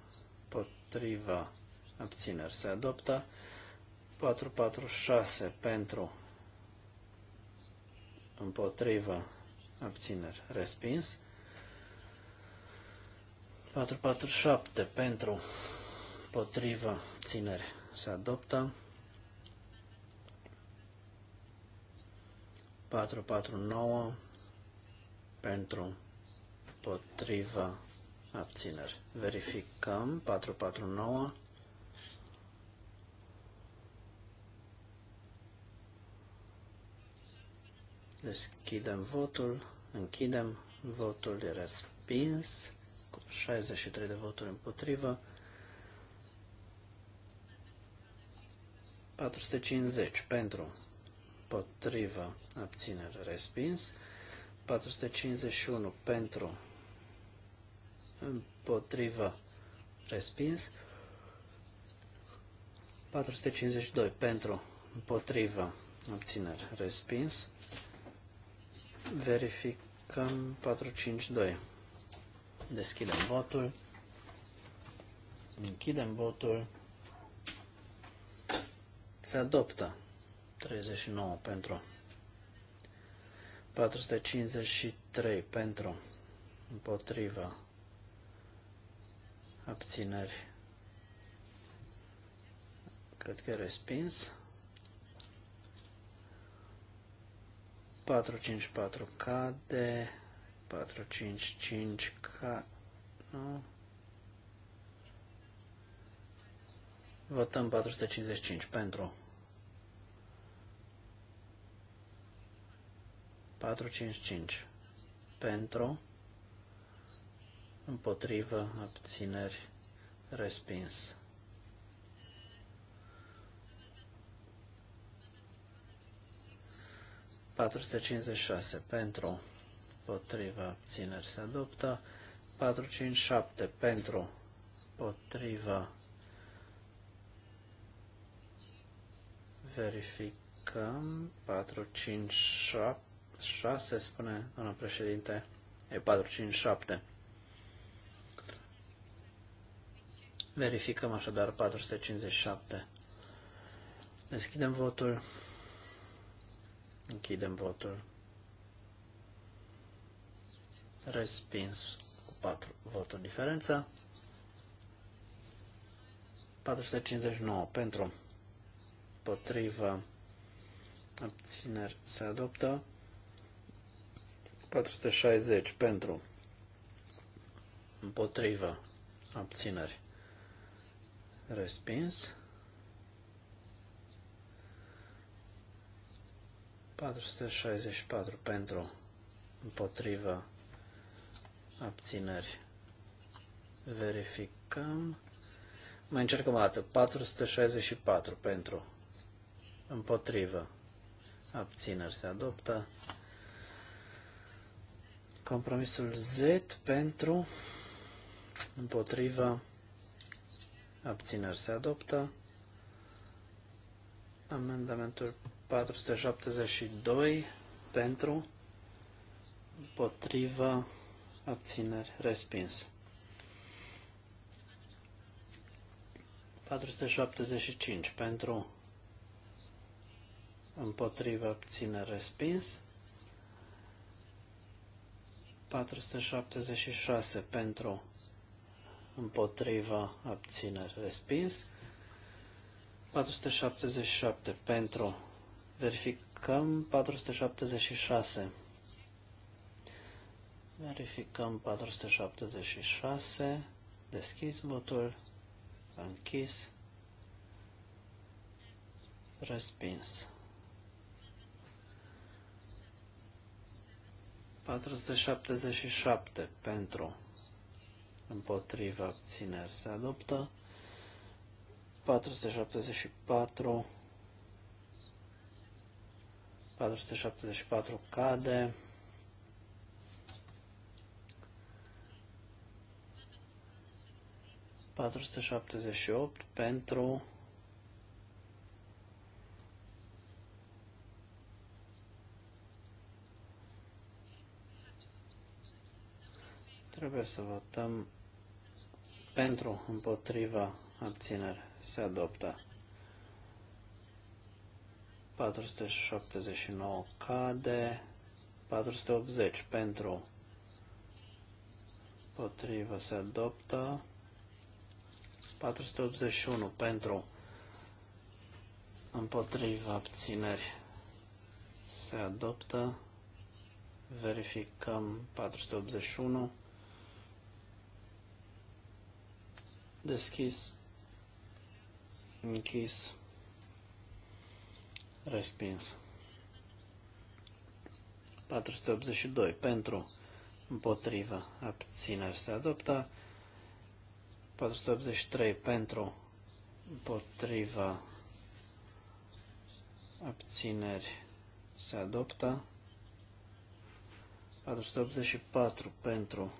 potriva abțineri se adoptă, 446 pentru, împotrivă, abțineri respins, 447 pentru, împotrivă, abțineri se adoptă, 449 pentru potriva abțineri. Verificăm 449. Deschidem votul, închidem, votul de respins, cu 63 de voturi împotrivă, 450 pentru, potrivă abținere, respins, 451 pentru, împotrivă, respins, 452 pentru, împotrivă, abținere, respins, verificăm 452. Deschidem votul. Închidem votul. Se adoptă 39 pentru 453 pentru împotriva abțineri. Cred că respins. 454 cade, 455 ca... nu? Votăm 455 pentru. 455 pentru, împotrivă, abțineri, respins. 456 pentru, potriva abțineri se adoptă, 457 pentru, potriva verificăm, 456 spune doamna președinte, e 457. Verificăm așadar 457. Deschidem votul. Închidem votul. Respins cu 4 voturi diferență. 459 pentru, potrivă, abțineri se adoptă. 460 pentru, împotrivă, abțineri respins. 464 pentru, împotrivă, abțineri. Verificăm. Mai încercăm o dată. 464 pentru, împotrivă, abțineri se adoptă. Compromisul Z pentru, împotrivă, abțineri se adoptă. Amendamentul 472 pentru, împotriva, abțineri, respins. 475 pentru, împotriva, abțineri, respins. 476 pentru, împotriva, abțineri, respins. 477 pentru, Verificăm 476. Verificăm 476. Deschis votul. Închis. Respins. 477 pentru împotriva abțineri se adoptă 474 474 cade. ...478 pentru... Trebuie să votăm pentru, împotriva, abținere. Se adoptă. 479 cade, 480 pentru, potrivă se adoptă, 481 pentru, împotriva abțineri se adoptă, verificăm 481, deschis, închis, Respins. 482 pentru, împotrivă, abțineri se adoptă. 483 pentru, împotrivă, abțineri se adoptă. 484 pentru,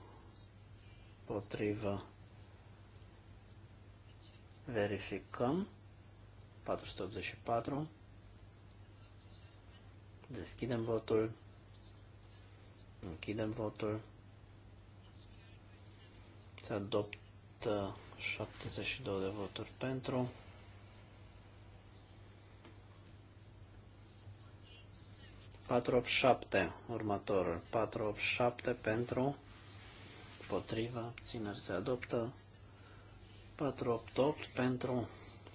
împotrivă, verificăm. 484 Deschidem votul. Închidem votul. Se adoptă 72 de voturi pentru. Patru șapte următorul. Patru șapte pentru. Potriva. Abțineri se adoptă. Patru opt pentru.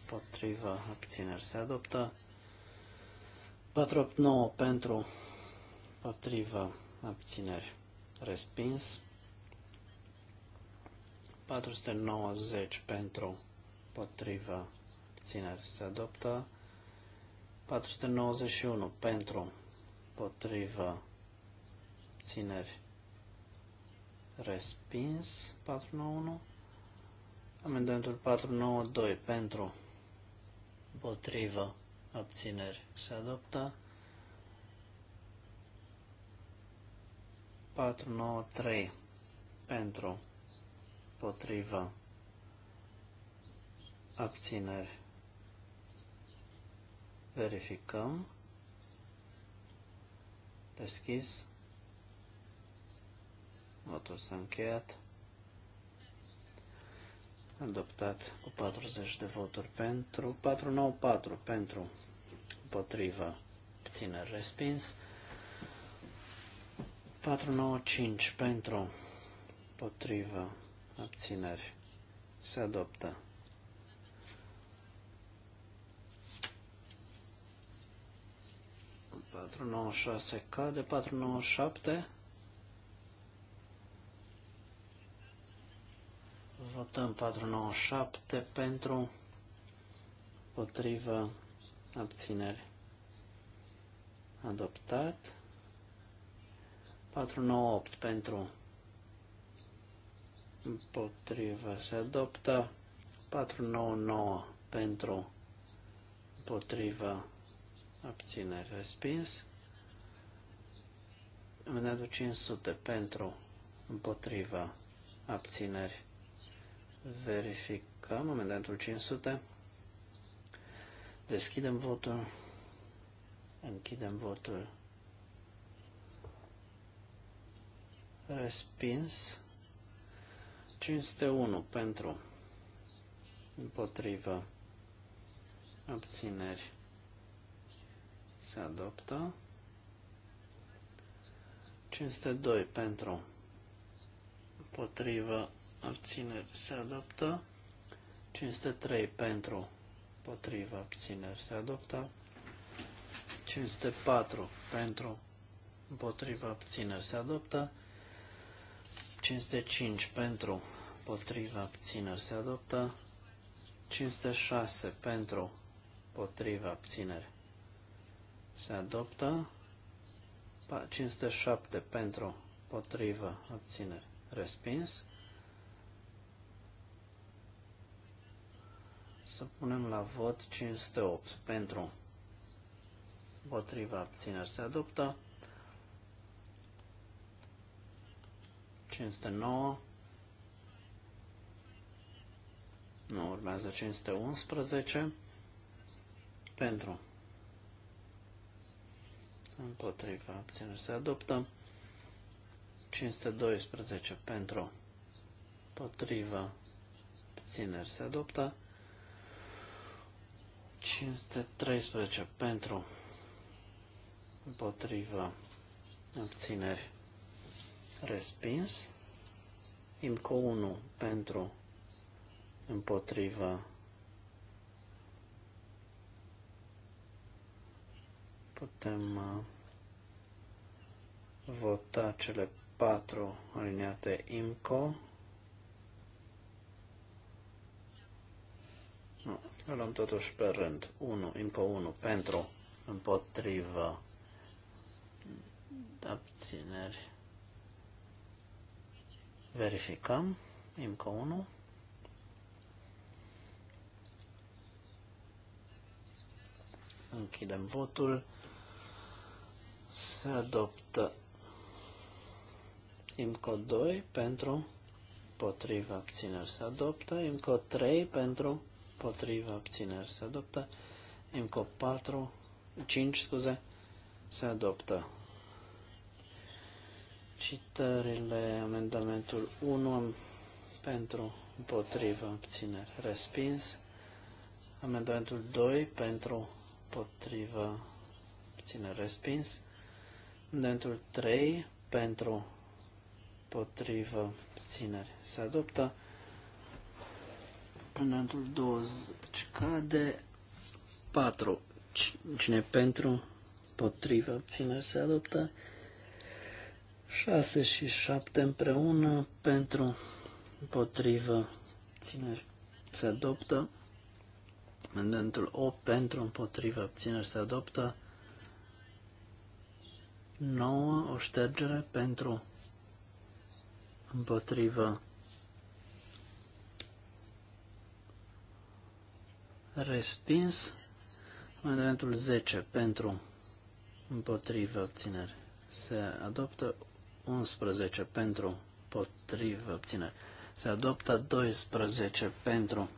Potriva. Abțineri se adoptă. 489 pentru, potrivă, abțineri, respins. 490 pentru, potrivă, abțineri, se adoptă. 491 pentru, potrivă, abțineri, respins. 491. Amendamentul 492 pentru, potrivă, abțineri se adoptă. 4, 9, 3 pentru, potrivă, abțineri. Verificăm. Deschis. Votul s-a încheiat adoptat cu 40 de voturi pentru, 494 pentru, împotrivă, ține respins, 495 pentru, potrivă, abțineri se adoptă. patru nouă șase cade patru nouă șapte Votăm 497 pentru, potrivă, abținere. Adoptat. 498 pentru, potrivă, se adoptă. 499 pentru, potrivă, abținere, respins. Amendamentul 500 pentru, împotriva, abțineri, Verificăm amendamentul 500. Deschidem votul. Închidem votul. Respins. 501 pentru. Împotrivă. Abțineri. Se adoptă. 502 pentru. Împotrivă abțineri se adoptă, 503 pentru, potriva abțineri se adoptă, 504 pentru, împotriva abțineri se adoptă, 505 pentru, potriva abțineri se adoptă, 506 pentru, potriva abțineri se adoptă, 507 pentru, potriva abțineri respins, Să punem la vot 508 pentru Potriva abțineri se adoptă. 509 nu urmează 511 pentru împotriva abțineri se adoptă 512 pentru Potriva abțineri se adoptă 513 pentru împotriva abțineri respins. IMCO 1 pentru împotriva putem uh, vota cele patru alineate IMCO Nu, îl luăm totuși pe rând. 1, încă 1, pentru, împotrivă, abțineri. Verificăm, încă 1. Închidem votul. Se adoptă IMCO 2 pentru potriva abțineri se adoptă, IMCO 3 pentru împotriva abțineri se adoptă. IMCO 4, 5, scuze, se adoptă. Citările, amendamentul 1 pentru împotriva abțineri respins. Amendamentul 2 pentru împotriva abțineri respins. Amendamentul 3 pentru împotriva abțineri se adoptă. Amendamentul 20 cade. 4. Cine pentru? Potrivă. Obțineri se adoptă. 6 și 7 împreună. Pentru? împotrivă Obțineri se adoptă. Amendamentul 8 pentru, împotrivă, abțineri se adoptă. 9, o ștergere pentru, împotrivă, Respins. Amendamentul 10 pentru împotrivă obținere. Se adoptă 11 pentru potrivă obținere. Se adoptă 12 pentru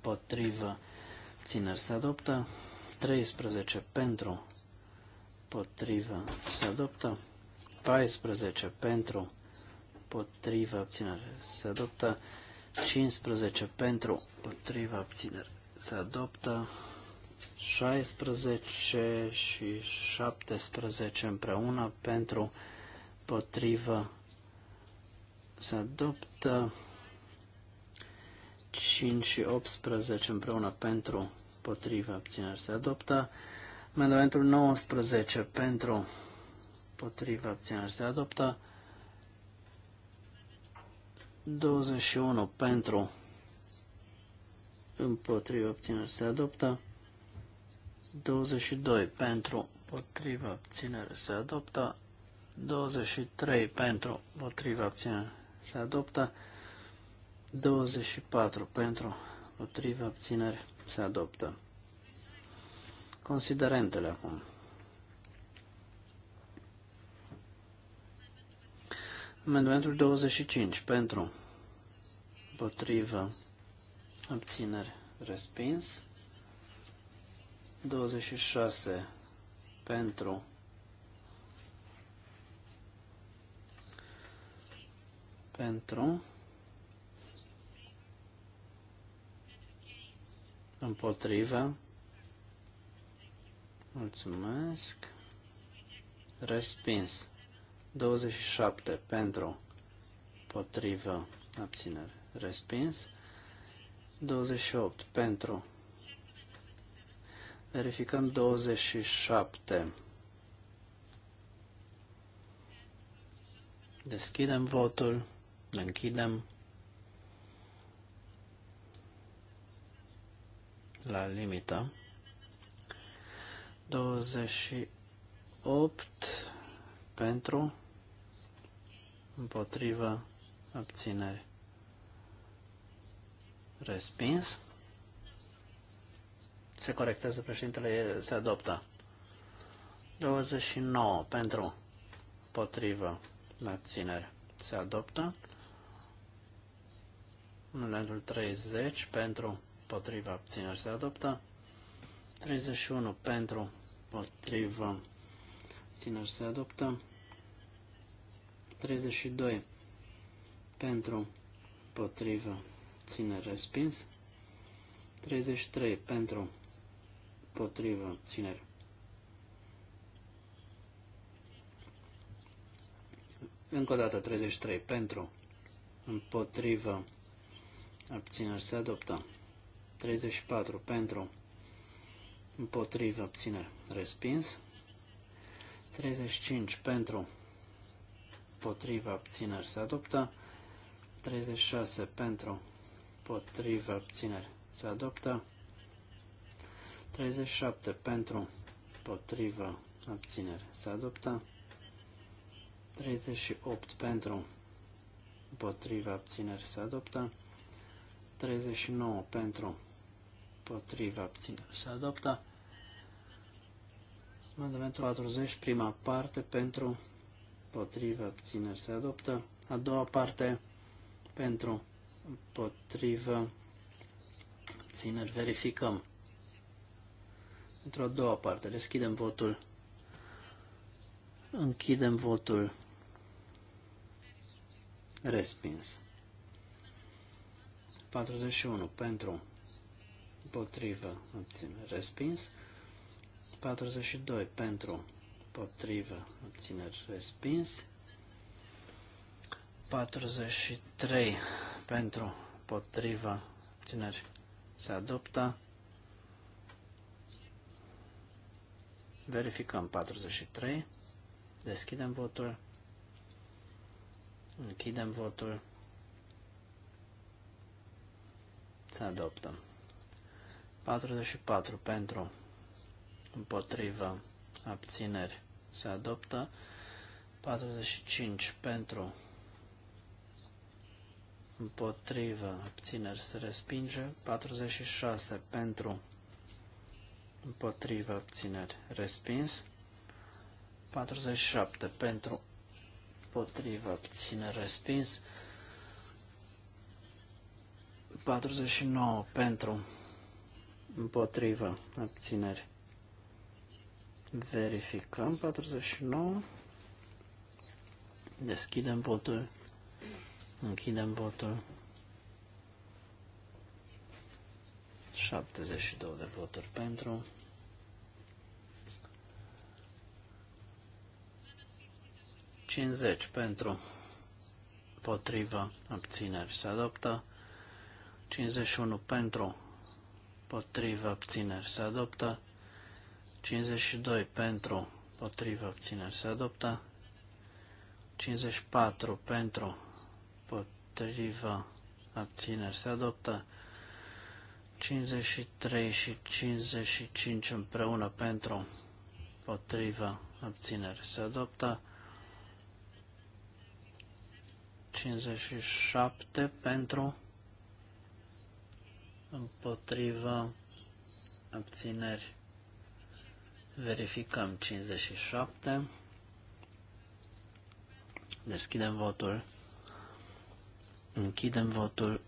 potrivă obținere. Se adoptă 13 pentru potrivă. Se adoptă 14 pentru potrivă obținere. Se adoptă 15 pentru potrivă obținere se adoptă 16 și 17 împreună pentru potrivă se adoptă 5 și 18 împreună pentru potrivă abțineri se adoptă amendamentul 19 pentru potrivă abțineri se adoptă 21 pentru împotriva abținere se adoptă, 22 pentru împotriva abținere se adoptă, 23 pentru împotriva abținere se adoptă, 24 pentru împotriva abținere se adoptă. Considerentele acum. Amendamentul 25 pentru împotriva abțineri respins, 26 pentru, pentru, împotrivă, mulțumesc, respins, 27 pentru, potrivă, abținere, respins, 28 pentru. Verificăm 27. Deschidem votul, îl închidem. La limită. 28 pentru, împotriva, abținere. Respins. Se corectează președintele, se adoptă. 29 pentru, potrivă, la ținere, se adoptă. numărul 30 pentru, potrivă, abțineri, se adoptă. 31 pentru, potrivă, abțineri, se adoptă. 32 pentru, potrivă, ține respins, 33 pentru, potrivă, țineri. Încă o dată, 33 pentru, împotrivă, abțineri se adoptă, 34 pentru, împotrivă, abțineri respins, 35 pentru, împotrivă, abțineri se adoptă, 36 pentru, împotrivă, abțineri, se adoptă. 37 pentru, potrivă abțineri, se adoptă. 38 pentru, potrivă abțineri, se adoptă. 39 pentru, împotrivă, abțineri, se adoptă. Amendamentul 40, prima parte, pentru, potrivă abțineri, se adoptă. A doua parte, pentru, împotrivă, țineri, verificăm. Într-o doua parte, deschidem votul, închidem votul, respins. 41 pentru, împotrivă, obține, respins. 42 pentru, împotrivă, obține, respins. 43 pentru, potriva, tineri, se adoptă. Verificăm 43. Deschidem votul. Închidem votul. Se adoptă. 44 pentru, împotrivă, abțineri se adoptă. 45 pentru, împotrivă, abțineri se respinge, 46 pentru, împotrivă, abțineri respins, 47 pentru, împotrivă, abțineri respins, 49 pentru, împotrivă, abțineri. Verificăm 49. Deschidem votul. Închidem votul. 72 de voturi pentru. 50 pentru, potriva, abțineri se adoptă. 51 pentru, potriva, abțineri se adoptă. 52 pentru, potriva, abțineri se adoptă. 54 pentru, împotriva, abțineri se adoptă. 53 și 55 împreună pentru, împotriva, abțineri se adoptă. 57 pentru, împotriva, abțineri. Verificăm 57. Deschidem votul. Închidem votul.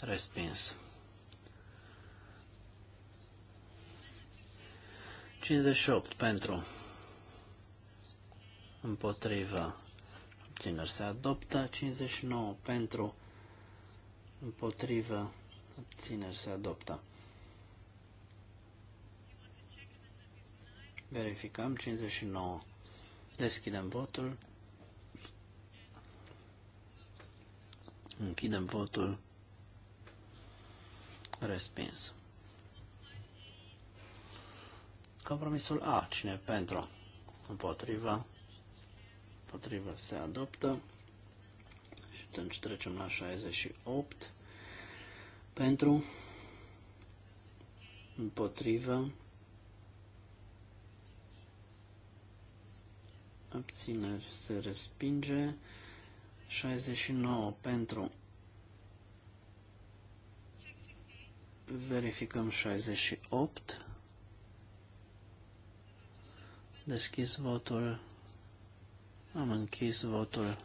Respins. 58 pentru. Împotriva. Abțineri se adoptă. 59 pentru. Împotriva. Abțineri se adoptă. Verificăm 59. Deschidem votul. Închidem votul. Respins. Compromisul A. Cine pentru? Împotriva. Împotriva se adoptă. Și atunci trecem la 68. Pentru. Împotriva. Abțineri se respinge. 69 pentru. Verificăm 68. Deschis votul. Am închis votul.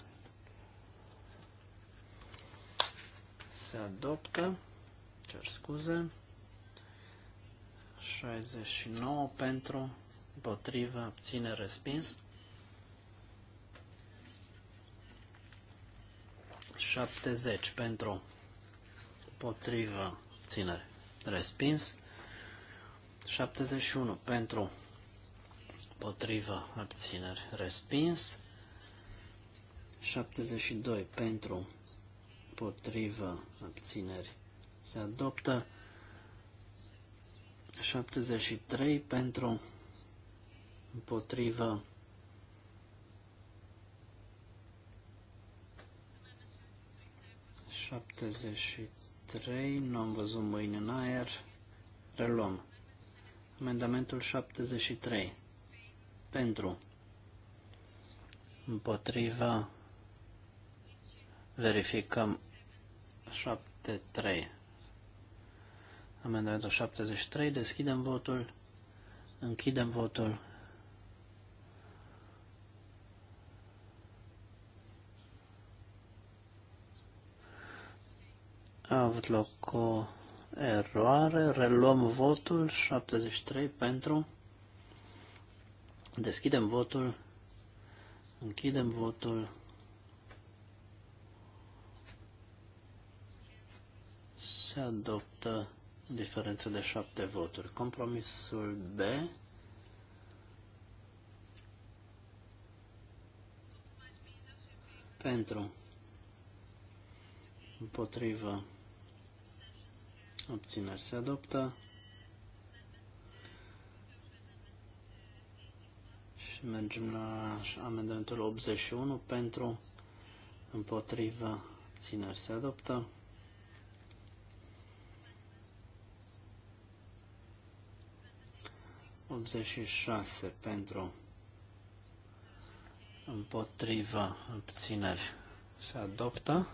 Se adoptă. Cer scuze. 69 pentru, împotrivă, abține, respins. 70 pentru potrivă ținere respins. 71 pentru potrivă abținere respins. 72 pentru potrivă abțineri se adoptă. 73 pentru împotrivă 73, nu am văzut mâini în aer, reluăm. Amendamentul 73, pentru, împotriva, verificăm 73. Amendamentul 73, deschidem votul, închidem votul, A avut loc o eroare. Reluăm votul. 73 pentru. Deschidem votul. Închidem votul. Se adoptă diferență de 7 voturi. Compromisul B. Pentru. Împotrivă. Obțineri se adoptă. Și mergem la amendamentul 81 pentru, împotriva, abțineri se adoptă. șase pentru împotriva Obțineri se adoptă.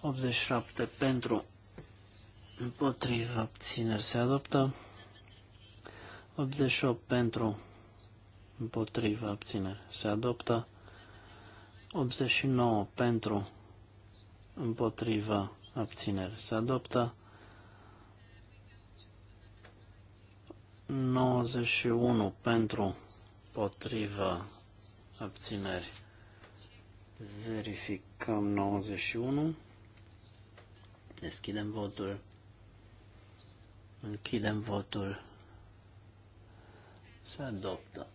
87 pentru împotriva abțineri se adoptă, 88 pentru împotriva abțineri se adoptă, 89 pentru împotriva abțineri se adoptă, 91 pentru împotriva abțineri verificăm 91 deschidem votul Închidem votul. Se adoptă.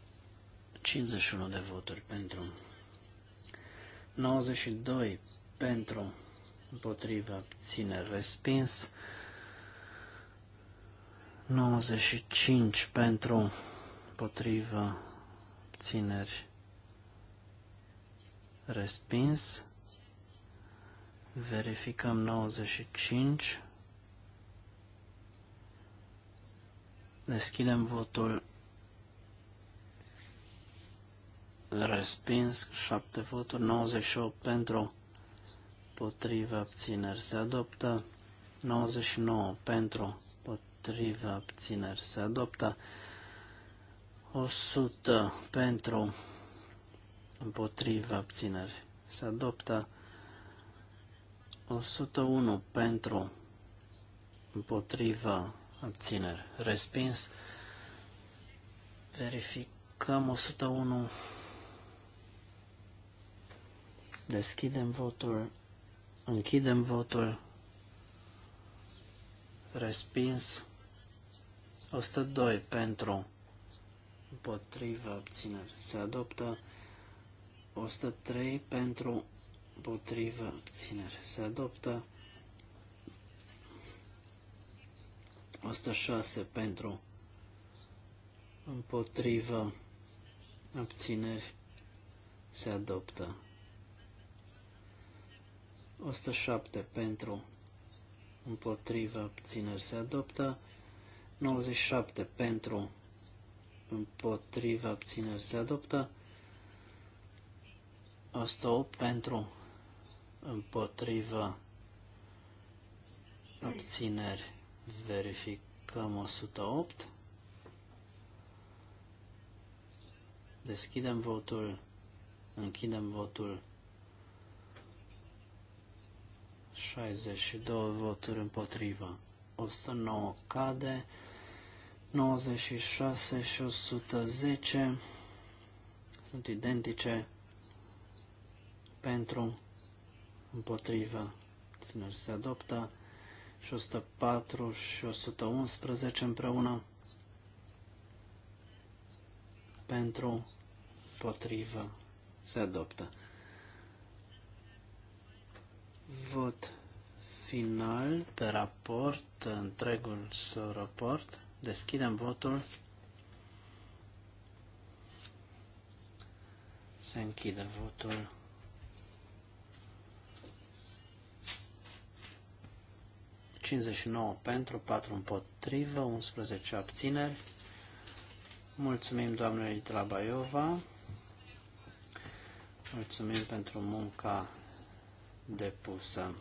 51 de voturi pentru. 92 pentru. Împotrivă. Ține respins. 95 pentru. Împotrivă. Țineri. respins. Verificăm 95. Deschidem votul. Respins. 7 voturi. 98 pentru. Potrivă abțineri se adoptă. 99 pentru. Potrivă abțineri se adoptă. 100 pentru. Împotrivă abțineri se adoptă. 101 pentru. Împotrivă abțineri, respins. Verificăm 101. Deschidem votul, închidem votul, respins. 102 pentru, Împotrivă abțineri, se adoptă. 103 pentru, Împotrivă abțineri, se adoptă. 106 pentru, împotrivă, abțineri, se adoptă. 107 pentru, împotrivă, abțineri, se adoptă. 97 pentru, împotrivă, abțineri, se adoptă. 108 pentru, împotrivă, abțineri, Verificăm 108. Deschidem votul. Închidem votul. 62 voturi împotriva. 109 cade. 96 și 110 sunt identice pentru împotriva. Țineri se adoptă și 104 și 111 împreună pentru potrivă se adoptă. Vot final pe raport, întregul său raport. Deschidem votul. Se închide votul. 59 pentru, 4 împotrivă, 11 abțineri. Mulțumim doamnei Drabaiova. Mulțumim pentru munca depusă.